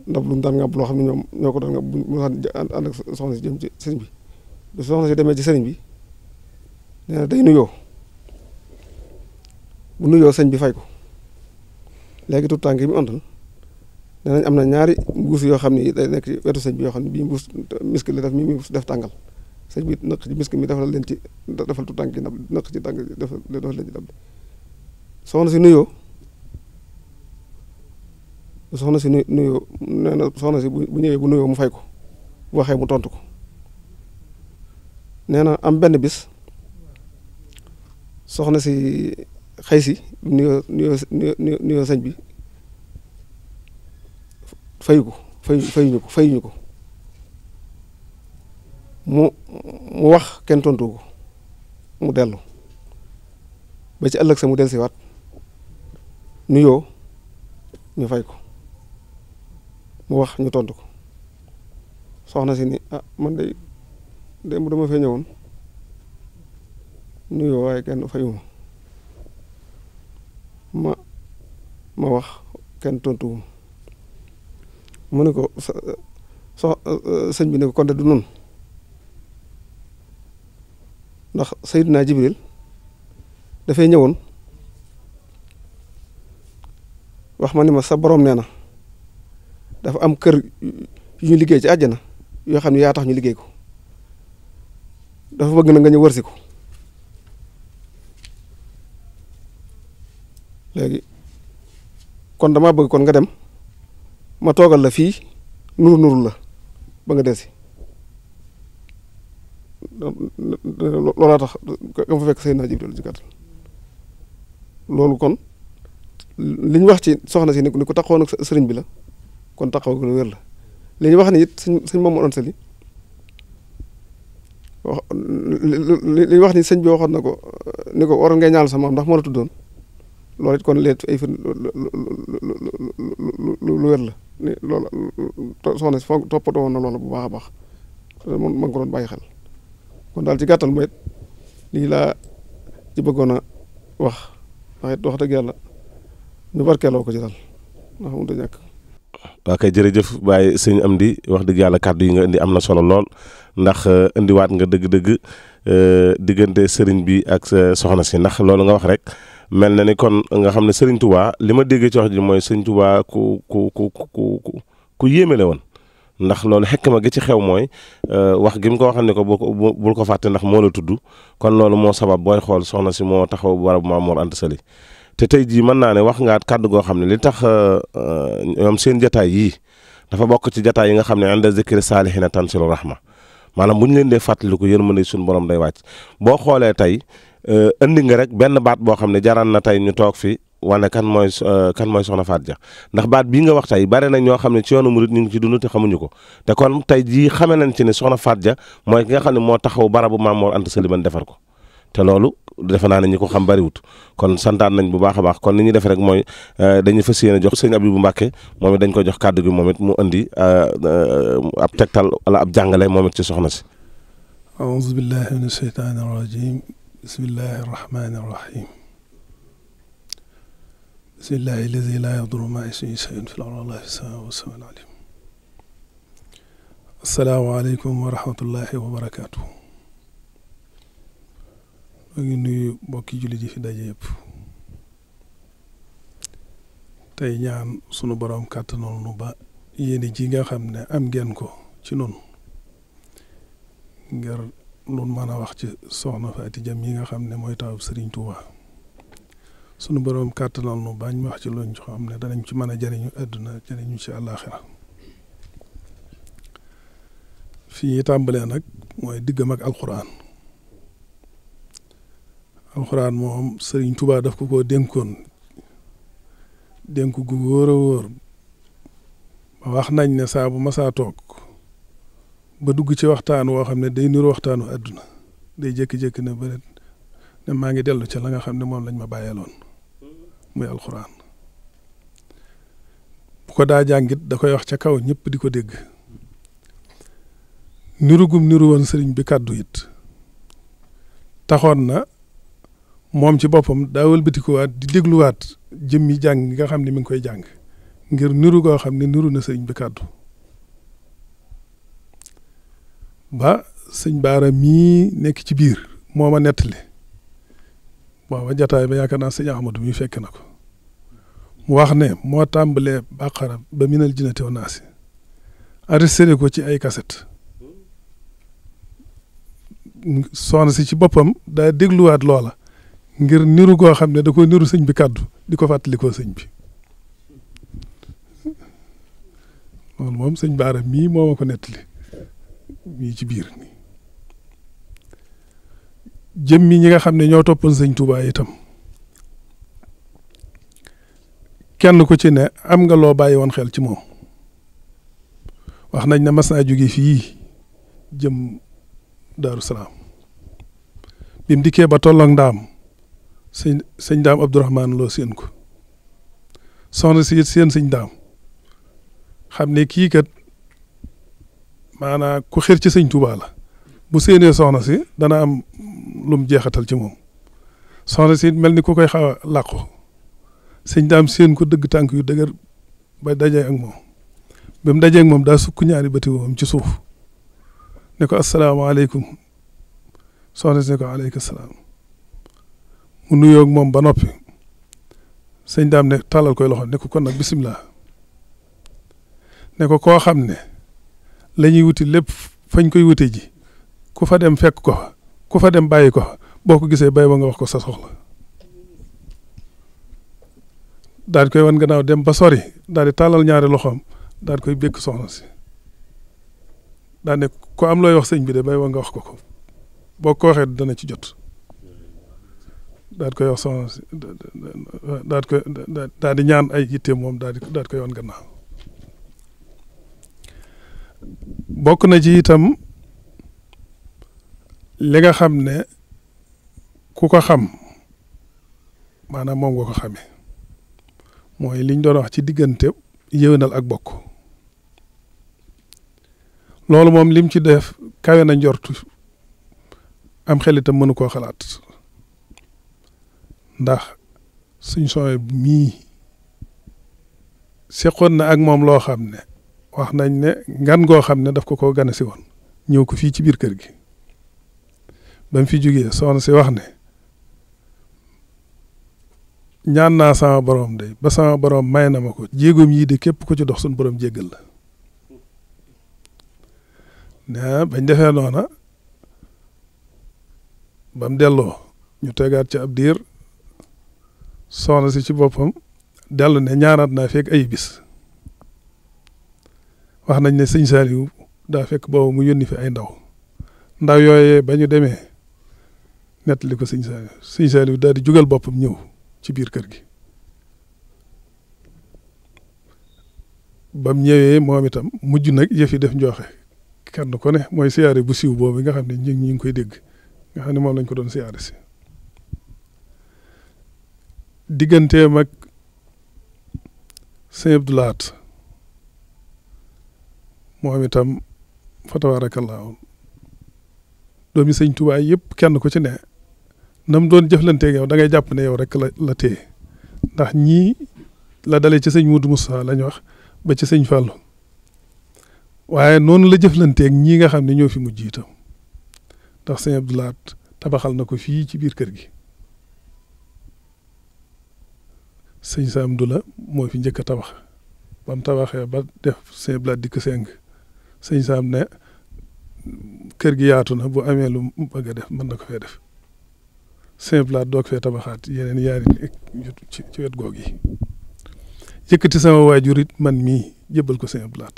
ndab lu mu daan ngàbb loo xam ne ñoom ñoo ko daan ngàbb bu mu ànd soxna si jëm ci sëriñ bi bu si demee ci sëriñ bi nee na day nuyoo bu nuyoo sëñ bi fay ko léegi tout tànk yi mu àndal am na ñaari mbuus yoo xam ne day nekk ci wetu sëñ bi yoo xam ne bii mbuus misk la def mi mbuus def tàngal sëñ bi naq ci misk mi defal leen ci defal tout tànk yi naq ci tànk defal leen ci ndab soxna si nuyoo soxna si nuyoo nee na soxna si bu ñëwee bu nuyoo mu fay ko bu waxee mu tontu ko nee na am benn bis soxna si xëy si nuyoo nuyoo nuyoo sëñ bi fayu ko fayu fayuñu ko fayuñu ko mu mu wax kenn tontu ko mu dellu ba ci ëllëg sa mu dellusiwaat nuyoo ñu fay ko mu wax ñu tontu ko soxna si ni ah man de démb dama fee ñëwoon nuyoo waaye kenn fayuma ma ma wax kenn tontuwum mu ne ko so sëñ bi ne ko kon de du nun ndax Seydina Jibril dafay ñëwoon wax ma ni ma sa borom nee na dafa am kër yu ñu liggéey ci àjjana yoo xam ne yaa tax ñu liggéey ko dafa bëgg na nga ñu wërsi ko léegi kon dama bëgg kon nga dem ma toogal la fii nuru nuru la ba nga desi si tax nga fa fekk loolu kon li wax ci soxna si ni ko taxoon ak sëriñ bi la kon taxaw ko lu wér la wax ni it suñ suñ moom doon sali wax li wax ni sëñ bi waxoon na ko ni ko waroon ngay ñaal sa maam ndax moo la tuddoon loolu it kon leet ay fir lu wér la ni loolu soxna toppatoo woon na lool bu baax a baax moom ko doon bàyyi xel kon daal ci gàttal mooy lii laa ci bëggoon wax wax it wax dëgg yàlla ñu barkeeloo ko daal ndax mënut a ñàkk waa kay jërëjëf waaye sëñ am di wax dëgg yàlla kàddu yi nga indi am na solo lool ndax euh, indiwaat nga dëgg-dëgg euh, diggante sëriñ bi ak euh, soxna si ndax loolu nga wax rek mel na ni kon nga xam ne sëriñ Touba li ma déggee ci wax ji mooy sëriñ Touba ku ku ku ku ku yéemele woon ndax loolu xekk ma gi ci xew mooy wax gi mu ko waxal ne ko bul ko fàtte ndax moo la tudd kon loolu moo sabab booy xool soxna si moo taxaw barabu Maam Mor Anta Sali te tey jii mën naa ne wax ngaat kàddu goo xam ne li tax euh, euh, ñoom seen jataay yii dafa bokk ci jataay yi nga xam ne ànd zikri saalihina tanzilu rahma maanaam bu ñu leen dee fàttaliku yërmande suñu borom day wàcc boo xoolee tey euh, indi nga rek benn baat boo xam ne jaraan na tey ñu toog fi wane kan mooy kan mooy soxna Fatou Dia ndax baat bii nga wax tey bare na ñoo xam ne ci yoonu murit ñu ngi ci dund te xamuñu ko te kon tey jii xame nañ ci ne soxna Fatou Dia mooy ki nga xam ne moo taxaw barabu Maam Mor Anta Sali defar ko te loolu defe naa ne ñi ko xam bariwut kon santaan nañ bu baax a baax kon li ñuy def rek mooy euh, dañu fas yéene jox sëñ Abibu Mbàkke moom it dañ ko jox kàddu gi moom it mu indi euh, euh, ab tegtal wala ab jàngale moom it ci soxna si aouzu billahi min asheytaani rajim bismillahi rahmani rahim bismillahi allazi laa yadurru maa ismihi shay'un fil ardi wa laa fis samaa'i wa huwa ma ngi nuyu mbokki jullit yi fi daje ñaan sunu boroom kàttanal nu ba yéene ji nga xam ne am ngeen ko ci noonu ngir nun mën a wax ci soxna Faati yi nga xam ne mooy tawab Sëriñ Tuubaa sunu boroom kàttanal nu bañ wax ci luñ xam ne danañ ci mën a jëriñu àdduna jëriñu ci àllaaxira fii tàmbalee nag mooy diggam ak alxuraan alxuraan moom sëriñ tubaa daf ko ko dénkoon dénk gu wóor a wóor ba wax nañ ne saa bu masaa toog ba dugg ci waxtaan woo xam ne day niru waxtaanu àdduna day jékki-jékki ne bëri ne maa ngi dellu ca la nga xam ne moom lañ ma bàyyeeloon muy alxuraan bu ko daa jàngit da koy wax ca kaw ñëpp di ko dégg niru gum niru woon sëriñ bi kàddu yit taxoon na moom ci boppam daa wëlbatikuwaat di dégluwaat jëmmi jàng nga xam ne mi ngi koy jàng ngir niru goo xam ne niru na sëñ bi kàddu ba sëñ baara mii nekk ci biir moo ma nettali waaw jataay ba yaakaar naa sëñ Ahmadou mi fekk na ko mu wax ne moo tàmbalee bàqara ba minal jinati wa naasi arrêté ko ci ay kaset soxna si ci boppam daa dégluwaat loola ngir niru goo xam ne da koy niru sëñ bi kàddu di ko fàttalikoo sëñ bi moom sëñ Baara mii moo ma ko nettali mii ci biir jëm jëmmi ñi nga xam ne ñoo toppoon sëñ Touba itam kenn ku ci ne am nga loo bàyyi woon xel ci moom wax nañ ne mas naa jóge fii jëm Daaru Salaam bim dikkee ba tolloog ndaam sëñ sëñ daam Abdourahman loo séen ko soxna si it séen sëñ daam xam ne kii kat maanaa ku xir ci sëñ Tuubaa la bu séenee soxna si dana am lum jeexatal ci moom soxna si mel ni ku koy xaw a làqu sëñ daam séen ko dëgg tànk yu dëgër ba daje ak moom ba mu dajee moom daa sukk ñaari bëti moom ci suuf ne ko asalaamaaleykum soxna si ne ko aleykum salaam mu nuyoo ak moom ba noppi sëñ daam ne tàllal koy loxo ne kon nag bisimilah ne ko koo xam ne la wuti lépp fañ koy wute ji ku fa dem fekk ko ku fa dem bàyyi ko boo ko gisee bay ba nga wax ko sa soxla daal koy wan gannaaw dem ba sori daal di tàllal ñaari loxoom daal koy békk soxna si daal ne am looy wax sëñ bi de bay ba wax ko ko boo ko waxee dana ci jot daal di koy wax ñaan ay yitte moom daal di daal bokk na ci itam li nga xam ne ku ko xam maanaam moom nga ko xamee mooy liñ doon wax ci diggante yéwénal ak bokk loolu moom lim ci def kawe na njortu am xel itam mënu koo xalaat. ndax suñ sooy mii seqoon na ak moom loo xam ne wax nañ ne ngan goo xam ne daf ko ko gane si woon ñëw ko fii ci biir kër gi ba mu fi jógee soxna si wax ne ñaan naa sama borom de ba sama borom may na ma ko jéegoom yii de képp ko ci dox suñu borom jéggal la na bañ defee noona ba mu delloo ñu tegaat ci ab diir soxna si ci boppam dellu ne ñaanaat naa fekk ay bis wax nañ ne sëñ Saliou daa fekk boobu mu yónni fi ay ndaw ndaw yooyee bañu ñu demee nettali ko sëñ Saliou sëñ daal di jugal boppam ñëw ci biir kër gi bam ñëwee moom itam mujj nag yëf fi def njooxe kenn ko ne mooy siyaare bu siiw boobu nga xam ne ñu ngi koy dégg nga xam ne moom lañ ko doon siyaare si diggante ak sëñ Abdou moom itam fa tabaarakallaahu doomi sëñ Tuubaa yëpp kenn ku ci ne nam doon jëflanteeg yow dangay jàpp ne yow rek la la ndax ñii la dale ci sëñ Moudou Moussa lañ wax ba ci sëñ waaye noonu la jëflanteeg ñii nga xam ne ñoo fi mu itam ndax sëñ Abdou tabaxal na ko fii ci biir kër gi sëñ Saam du la moo fi njëkk a tabax ba mu tabaxee ba def sëñ Blaat dikk seng sëñ Saam ne kër gi yaatu na bu amee lu bëgg a def mën na ko fee def sëñ Blaat doog fee tabaxaat yeneen yaari ci ci wet goog yi man mii jëbbal ko sëñ Blaat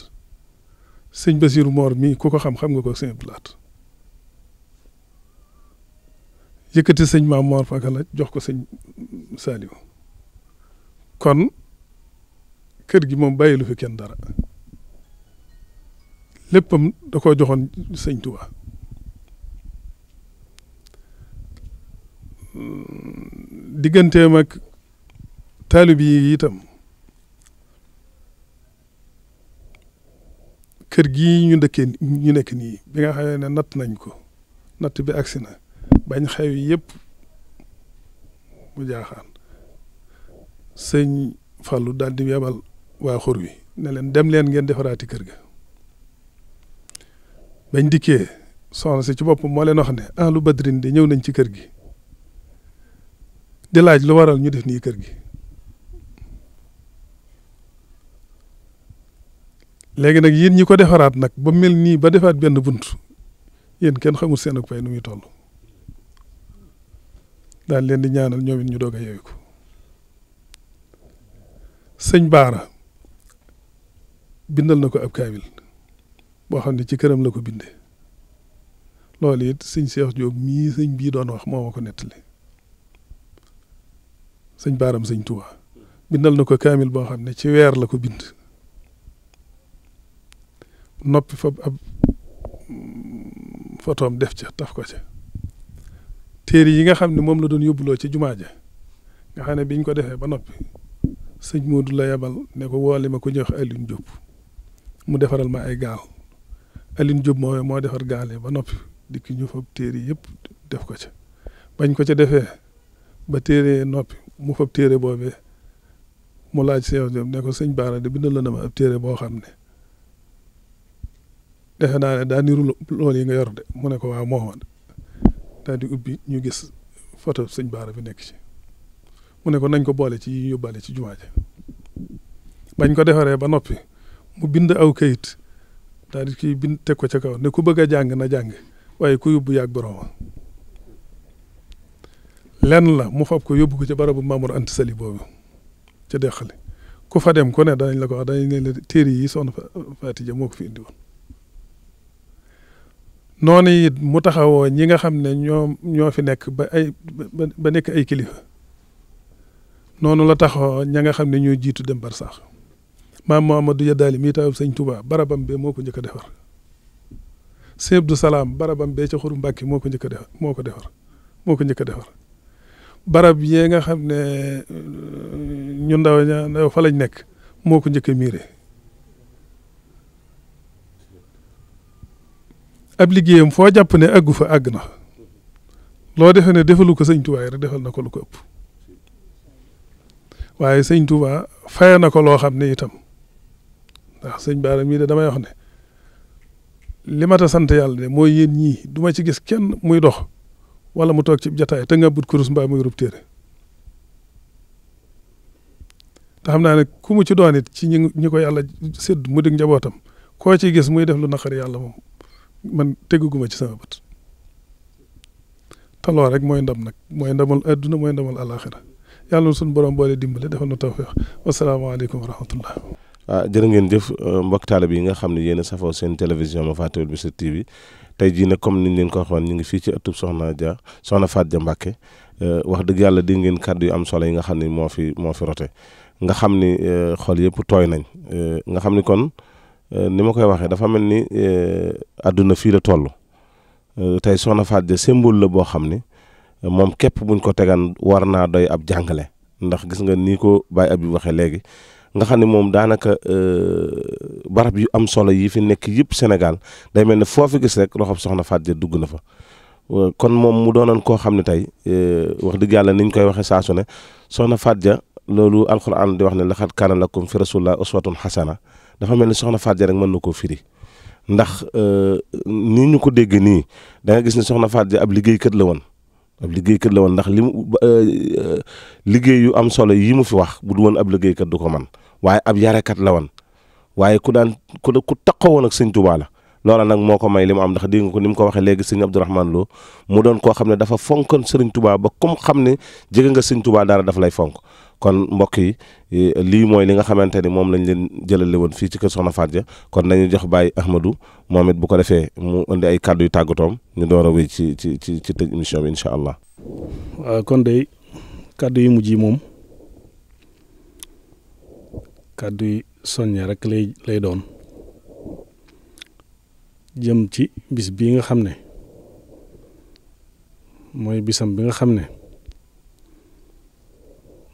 sëñ Basiru Moor mii ku ko xam xam nga ko sëñ Blaat yëkkati sëñ Maam Moor Fakala jox ko sëñ Saliou kon kër gi moom bàyyilu fi kenn dara léppam da ko joxoon sëñ Tuubaa digganteem ak taalib itam kër gi ñun dëkkee ñu nekk nii bi nga xam ne natt nañ ko natt bi agsi na bañ xew yëpp mu jaaxaan sëñ falu daal di yebal waa xur wi ne leen dem leen ngeen defaraati kër ga bañ dikkee soxna si ci boppu moo leen wax ne ahlu badrin di ñëw nañ ci kër gi di laaj lu waral ñu def nii kër gi léegi nag yéen ñi ko defaraat nag ba mel nii ba defaat benn bunt yéen kenn xamul seen ak fay nu muy toll daal leen di ñaanal ñoom it ñu doog a sëñ Baara bindal na ko ab kaamil boo xam ne ci këram la ko binde loolu it sëñ Cheikh Diop mii sëñ bii doon wax moo ma ko nettali sëñ Baaram sëñ Touba bindal na ko kaamil boo xam ne ci weer la ko bind noppi fa ab photoom def ca taf ko ca téere yi nga xam ne moom la doon yóbbuloo ci jumaa ja nga xam ne biñ ko defee ba noppi sëñ du la yebal ne ko woole ma ko jox Alioune Diop mu defaral ma ay gaal Alioune Diop moo moo defar gaal ba noppi dikk ñu fab téere yëpp def ko ca bañ ko ca defee ba téere noppi mu fab téere boobee mu laaj Cheikh Diop ne sëñ Baara de bindal la na ab téere boo xam ne defe naa daa niru yi nga yor de mu ne ko waaw moo di ubbi ñu gis photo sëñ Baara bi nekk ci mu ne ko nañ ko boole ci yi yóbbaale ci jumaa bañ ko defaree ba noppi mu bind aw kayit daal di kii bind te ko ca kaw ne ku bëgg a jàng na jàng waaye ku yóbbu yàgg borooma lenn la mu fab ko yóbbu ko ci barabu Mamour anti Sali boobu ca Dexale ku fa dem ku ne dañ la ko wax danañ ne yi soon Faati Ja moo ko fi indi woon noonu it mu taxawoo ñi nga xam ne ñoom ñoo fi nekk ba ay ba nekk ay kilifa noonu la taxaw ña nga xam ne ñoo jiitu dem barsaax maam Mouhamadou Yadaali mii taw sëñ Touba barabam bee moo ko njëkk a defar sëñ Abdou Salaam barabam bee ca xuru Mbàkke moo ko njëkk a defar moo ko defar moo ko njëkk a barab yee nga xam ne euh, ñun ndaw ña fa nekk moo ko njëkk a miire ab liggéeyam foo jàpp ne àggu fa àgg na loo defe ne defalu ko sëñ Touba rek defal na ko lu ko ëpp waaye sëñ Touba faye na ko loo xam ne itam ndax sëñ Baara mii de damay wax ne li ma ta sant yàlla de mooy yéen ñii duma ci gis kenn muy dox wala mu toog ci jataay te nga but kurus mba muy rub téere te xam naa ne ku mu ci doon ci ñi ñi ko yàlla sédd mu dig njabootam koo ci gis muy def lu naqar yàlla moom man tegguma ci sama bët te loolu rek mooy ndam nag mooy ndamul adduna mooy ndamul alaxira yàlla suñu borom boole dimbale defal na tawféex wasalaamaaleykum wa rahmatullah. ah jërë ngeen jëf euh, mbokk taalibe yi nga xam ne yéen a safoo seen télévision ma fàttewul Bichri TV tey jii nag comme niñ leen ko waxoon ñu ngi fii ci Dia Soxna Faat Dia euh, wax dëgg yàlla dégg ngeen kàddu yu am solo yi nga xam ne moo fi moo fi rote nga xam ni euh, xol yëpp tooy nañ nga xam ni kon ni ma koy waxee dafa mel ni àdduna fii la toll tey Soxna Faat Dia symbole la boo xam ni moom képp buñ ko tegan war naa doy ab jàngale ndax gis nga nii ko Baye yi waxee léegi nga xam ne moom daanaka euh, barab yu am solo yii fi nekk yëpp senegal day mel ne foofu fi gis rek loxoom soxna Fatou dugg na fa euh, kon moom mu doonoon koo xam ne tey euh, wax dëgg yàlla ni ñu koy waxee saa su ne soxna Fatou loolu alxuraan di wax ne laxat kaana lakum fi rasulillah uswatun xasana dafa mel ni soxna Fatou rek mën na koo firi ndax ni ñu ko dégg nii da gis ne soxna Fatou ab liggéeykat la woon. ab liggéeykat la woon ndax li mu euh, euh, liggéey yu am solo yi mu fi wax bu du woon ab liggéeykat du ko man waaye ab yarekat la woon waaye ku daan ku ku takkoo woon ak sëñ Tuubaa la loola nag moo ko may li mu am ndax dégg nga ko ni mu ko waxee léegi sëñ Abdourahman Lo mu doon ko xam ne dafa fonkoon sëriñ Tuubaa ba comme xam ne jege nga sëñ Tuubaa dara daf lay fonk kon mbokk yi eh, lii mooy li nga xamante ni moom lañ leen jëlale woon fii ci kër Soxna Faat Ja kon nañu jox Baye Ahmadou moom it bu ko defee mu indi ay kàddu yu ñu door a wéy ci ci ci ci tëj émission bi incha allah. kon day kàddu yu mujj yi moom kàddu yi soññe rek lay lay doon jëm ci bis bii nga xam ne mooy bisam bi nga xam ne.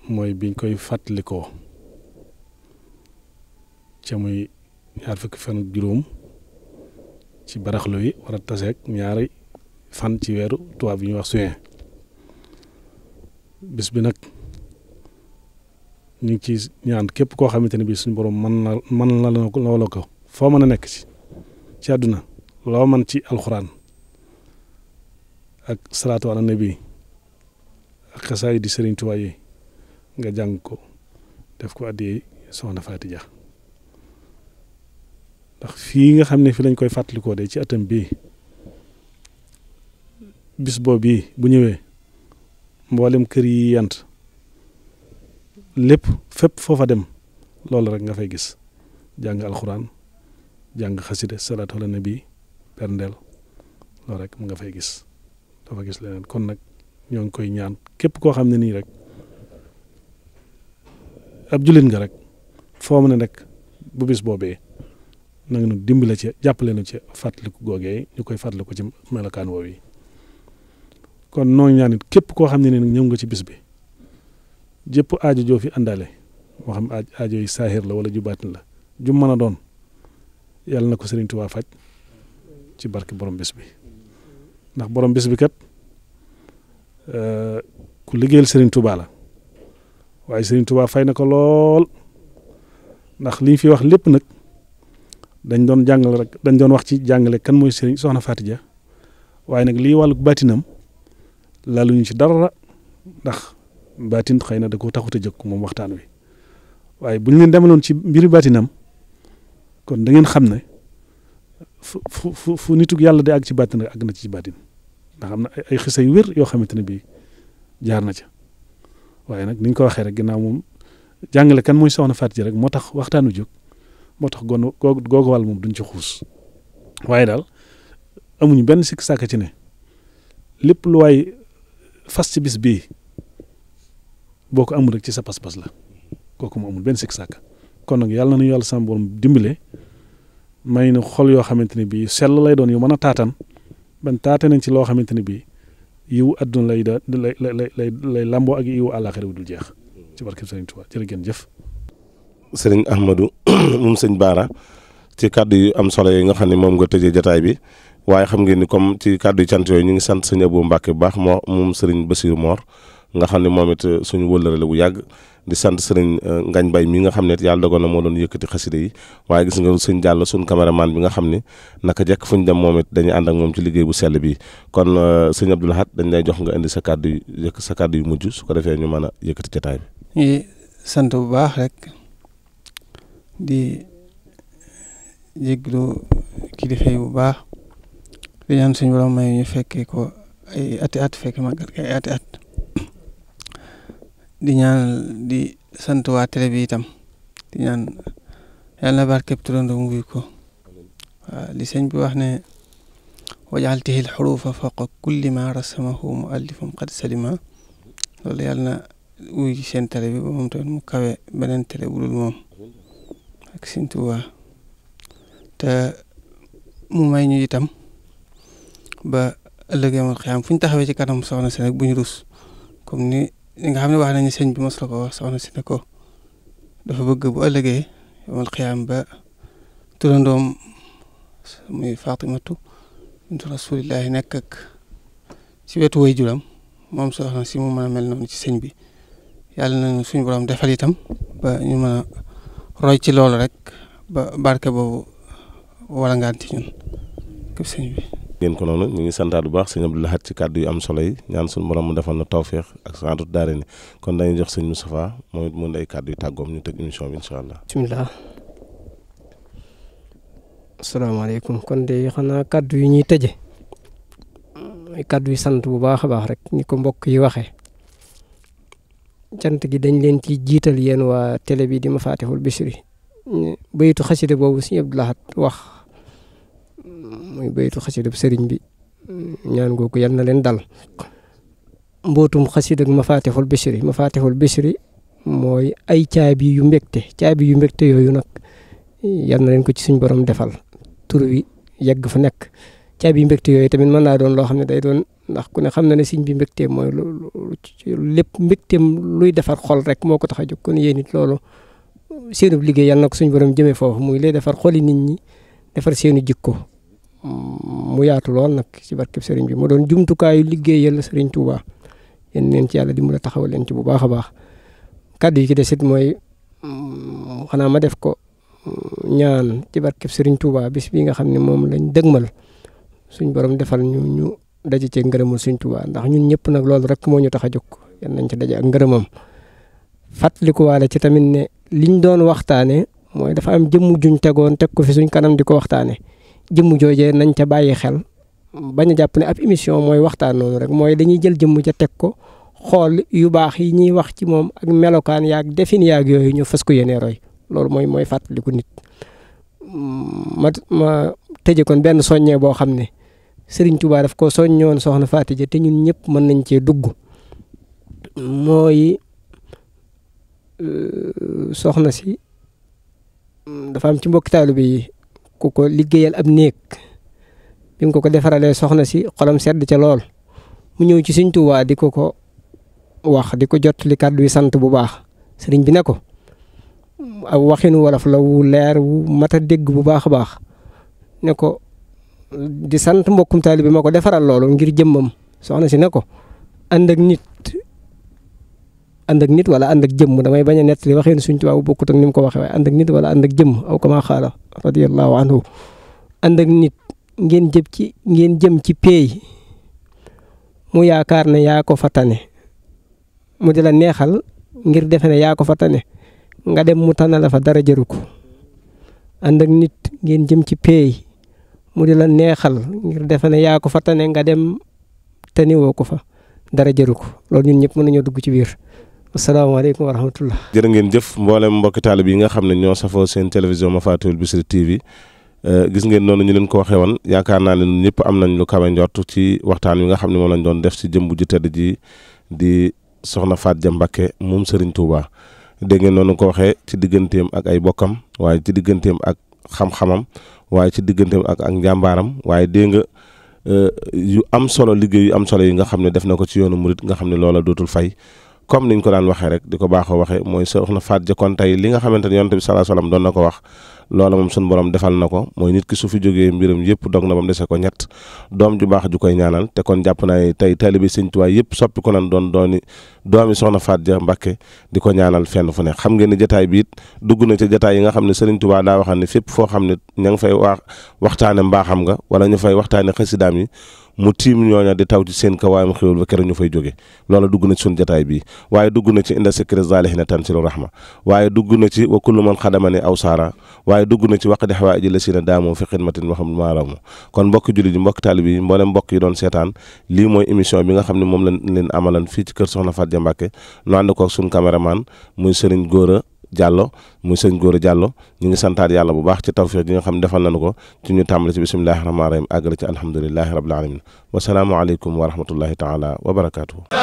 mooy biñ koy fàttalikoo ca muy ñaar fukki fan juróom ci baraxlu yi war a taseeg ñaari fan ci weeru tuwaab yi ñuy wax suyen bis bi nag ñu ngi ci ñaan képp koo xamante ne bii suñu boroom mën na mën na la ko foo mën a nekk ci ci àdduna loo mën ci alxuraan ak salaatu ala nabi di sëriñ Tuubaa yi nga jàng ko def ko addiyee soxna Faati Ja ndax fii nga xam ne fi lañ koy fàttalikoo de ci atam bii bis boobu yi bu ñëwee mboolem kër yi yant lépp fépp foofa dem loolu rek nga fay gis jàng alxuraan jàng xaside salaatu ala nabi berndeel loolu rek mu nga fay gis dafa gis leneen kon nag ñoo ngi koy ñaan képp koo xam ne nii rek ab jullit nga rek foo mën a nekk bu bis boobee na nga nu dimbale ci jàppale nu ci fàttaliku googee ñu koy fàttaliku ci melokaan woowu yi kon noo ñaan képp koo xam ne ne ñëw nga ci bis bi jëpp aajo joo fi àndaale moo xam aajo yi saaxir la wala ju la ju mën a doon yàlla na ko Sëriñ Tuubaa faj ci barke borom bis bi ndax borom bis bi kat euh, ku liggéeyal Sëriñ Tuubaa la waaye Serigne Touba fay na ko lool ndax li fi wax lépp nag dañ doon jàngale rek dañ doon wax ci jàngale kan mooy Serigne Soxna Faty Dia waaye nag lii wàllu baatinam laaluñu ci dara ndax baatin xëy na da ko taxut a jëkk moom waxtaan wi waaye bu ñu leen demaloon ci mbiru baatinam kon da ngeen xam ne fu fu fu nitug yàlla de àgg ci baatin rek àgg na ci ci baatin ndax am na ay xisa yu wér yoo xamante ne bii jaar na ca. waaye nag ni ñu ko waxee rek ginnaaw moom jàngale kan mooy soxna Faty Dia rek moo tax waxtaanu jóg moo tax gon googu wàll moom duñ ci xuus waaye daal amuñu benn sikk sàkk ci ne lépp lu waaye fas ci bis bii boo ko amul rek ci sa pas-pas la kooku mu amul benn sikk sàkk kon nag yàlla na ñu yàlla sama borom dimbale may na xol yoo xamante ne bii sell lay doon yu mën a taataan ban taate nañ ci loo xamante ne bii yiwu àdduna lay da lay lay lay lay làmboo ak yiw àllaaxira wu dul jeex mm. ci barkeb sëriñ Tuubaa jërë ngeen jëf. sëriñ Ahmadou moom sëñ Baara ci kàddu yu am solo yi nga xam ne moom nga tëjee jataay bi waaye xam ngeen ni comme ci kàddu yi cant yooyu ñu ngi sant sëñ Abou Mbacke bu baax moo moom sëriñ Bassirou Mor. nga xam ne moom it euh, suñu wëllëre la bu yàgg di sant sëriñ euh, Ngañ Bay mi nga xam ne yàlla dogal na moo doon yëkkati xaside yi waaye gis nga suñ Diallo suñ maan bi nga xam ne naka jekk fu ñu dem moomit it dañuy ànd ak moom ci liggéey bu sell bi kon euh, sëñ Abdou Lahad dañ lay jox nga indi sa kàddu yu sa kàddu yu mujj su ko defee ñu mën a yëkkati jotaay bi. ñuy sant bu baax rek di jéglu kilifa yi bu baax di ñaan suñu borom may ñu ko ay ati at fekk magal ay ati di ñaan di sant waa télé bi itam di ñaan yàlla na barkeb turandoo mu ko waaw bi wax ne wajaal tixil xurufa fawqa kulli ma rasamahu muallifum qad salima loolu yàlla na seen télé bi moom tamit mu kawe beneen télé bu moom ak sëñ te mu may ñu itam ba ëllëgee moom xiyam fu ñu taxawee ci kanam soxna si nag bu ñu rus comme ni li nga xam ne wax nañu sëñ bi mos la ko wax soxna si ne ko dafa bëgg bu ëllëgee yomal xiyaam ba turandoom muy Fatimatu bintu Rasulillahi nekk ak si wetu way juram moom soxna si mu mën a mel noonu ci sëñ bi yàlla nañu suñu borom defal itam ba ñu mën roy ci loolu rek ba barke boobu walangaan ci ñun képp sëñ bi ngeen ko noonu ñu ngi santaat bu baax sëñ Abdou Lahad ci kàddu yu am solo yi ñaan suñu borom mu defal na tawféex ak sant daare ni kon dañuy jox sëñ Moustapha moom it mu nday kàddu yu tàggoom ñu tëj émission bi incha kon de xanaa kàddu yi ñuy tëje kàddu yi sant bu baax a baax rek ni ko mbokk yi waxee cant gi dañ leen ci jiital yenn waa télé bi di ma faatixul Bichri baytu xasida boobu sëñ Abdou wax. muy baytu xasida sëriñ bi ñaan googu yal na leen dal mbootum xasida ak mafaatixul bishri mafaatixul bishri mooy ay caabi yu mbégte caabi yu mbégte yooyu nag yal na leen ko ci suñ borom defal tur wi yegg fa nekk caabi mbégte yooyu tamit man naa doon loo xam ne day doon ndax ku ne xam na ne siñ bi mbégteem mooy lépp mbégteem luy defar xol rek moo ko tax a jóg kon yéen it loolu bu liggéey yal na ko suñ borom jëmee foofu muy lay defar xoli nit ñi defar seenu jikko mu yaatu lool nag si barkeb sëriñ bi mu doon jumtukaayu liggéeyal sëriñ Touba yéen leen ci yàlla dimbali taxawal leen ci bu baax a baax kàddu yi ci desit mooy mm, xanaa ma def ko mm, ñaan ci barkeb sëriñ Touba bis bi nga xam ne moom lañ dëgmal suñ borom defal ñu ñu daje cee ngërëmul suñ Touba ndax ñun ñëpp nag loolu rek moo ñu tax a jóg yal nañ ci daje ak ko fàttalikuwaale ci tamit ne liñ doon waxtaanee mooy dafa am jëmm juñ tegoon teg ko fi suñ kanam di ko waxtaanee. jëmm jooje nañ ca bàyyi xel bañ a jàpp ne ab émission mooy waxtaan noonu rek mooy dañuy jël jëmm ja teg ko xool yu baax yi ñuy wax ci moom ak melokaan yaag defin yaag yooyu ñu fas ko yéene roy loolu mooy mooy fàttaliku nit mm, ma tëje kon benn soññee boo xam ne sëriñ Touba daf ko soññoon soxna Faati Ja te ñun ñëpp mën nañ cee dugg mooy euh, soxna si mm, dafa am ci mbokki taalibe yi ku ko liggéeyal ab néeg bi mu ko ko defaralee soxna si xolam sedd ca lool mu ñëw ci Sëriñ Tuubaa di ko ko wax di ko jot li kàddu wi sant bu baax sëriñ bi ne ko aw waxinu wolof la wu leer wu mat a dégg bu baax a baax ne ko di sant mbokkum taali bi ma ko defaral loolu ngir jëmmam soxna si ne ko ànd ak nit ànd ak nit wala ànd ak jëmm damay bañ a nettali waxin Sëriñ Tuubaa bu bokkut ni mu ko waxee waaye ànd nit wala ànd ak jëmm aw ko xaala radiallahu anhu ànd ak nit ngeen jëm ci ngeen jëm ci peey mu yaakaar ne yaa ko fatane mu di la neexal ngir defe ne yaa ko fatane nga dem mu tànn la fa dara jëru ko ànd nit ngeen jëm ci peey mu di la neexal ngir defe na yaa ko fatane nga dem taniwoo ko fa dara jëru ko loolu ñun ñëpp mën nañoo dugg ci biir asalaamaaleykum wa rahmatullah jërë ngeen jëf mboolem mbokki taalib yi nga xam ne ñoo safoo seen télévision ma faatuwul Bichri TV euh, gis ngeen noonu ñu leen ko waxee woon yaakaar naa ne ñëpp am nañ lu kawe njort ci waxtaan wi nga xam ne moom lañ doon def si jëmbu ji tedd ji di soxna Faat Ja Mbakke moom Serigne Touba dégg ngeen noonu ko waxee ci digganteem ak ay bokkam waaye ci digganteem ak xam-xamam waaye ci digganteem ak ak njàmbaaram waaye dégg nga euh, yu am solo liggéey yu am solo yi nga xam ne def na ko ci yoonu murit nga xam ne loola dootul fay comme niñ ko daan waxee rek di ko baaxoo waxee mooy soxna faat ja kon tey li nga xamante ne yonent bi salaa salaam doon na ko wax moom sunu borom defal na ko mooy nit su fi jógee mbiram yëpp dog na ba mu dese ko ñett doom ju baax ju koy ñaanal te kon jàpp naa tey taalibe Sëñ Tuubaa yëpp soppi ko nan doon dooni doomi soxna faat ja Mbàkke di ko ñaanal fenn fu ne xam ngeen ni jataay bi it dugg na ci jataay yi nga xam ne Sëriñ Tuubaa daa waxal ne fépp foo xam ne ña nga fay wax waxtaane mbaaxam nga wala ñu fay waxtaane xasidaam yi mu tiim ñooña di taw ci seen kawaayam xéwal ba keroog ñu fay jóge loola dugg na ci sunu jataay bii waaye dugg na ci inda sikri zaalihina tanzilu rahma waaye dugg na ci wa kullu man xadamani aw saara waaye dugg na ci waqdi xawaaji la sina daamoo fi xidmatin waxam maaramu kon mbokki jullit yi mbokki taalibe yi mboolem mbokk yi doon seetaan lii mooy émission bi nga xam ne moom la leen amalan fii ci kër Soxna Faty Dia Mbacke nu ànd koog sunu caméraman muy Serigne Gora Diallo muy sëñ góor jàllo ñu ngi santaat yàlla bu baax ci tawfeex gi nga xam ne defal nañu ko ci ñu tàmbali ci bisimilahi rahmaani rahim àggale ci alhamdulilahi rabil alamin wasalaamualeykum wa rahmatullahi taala wa barakaatu.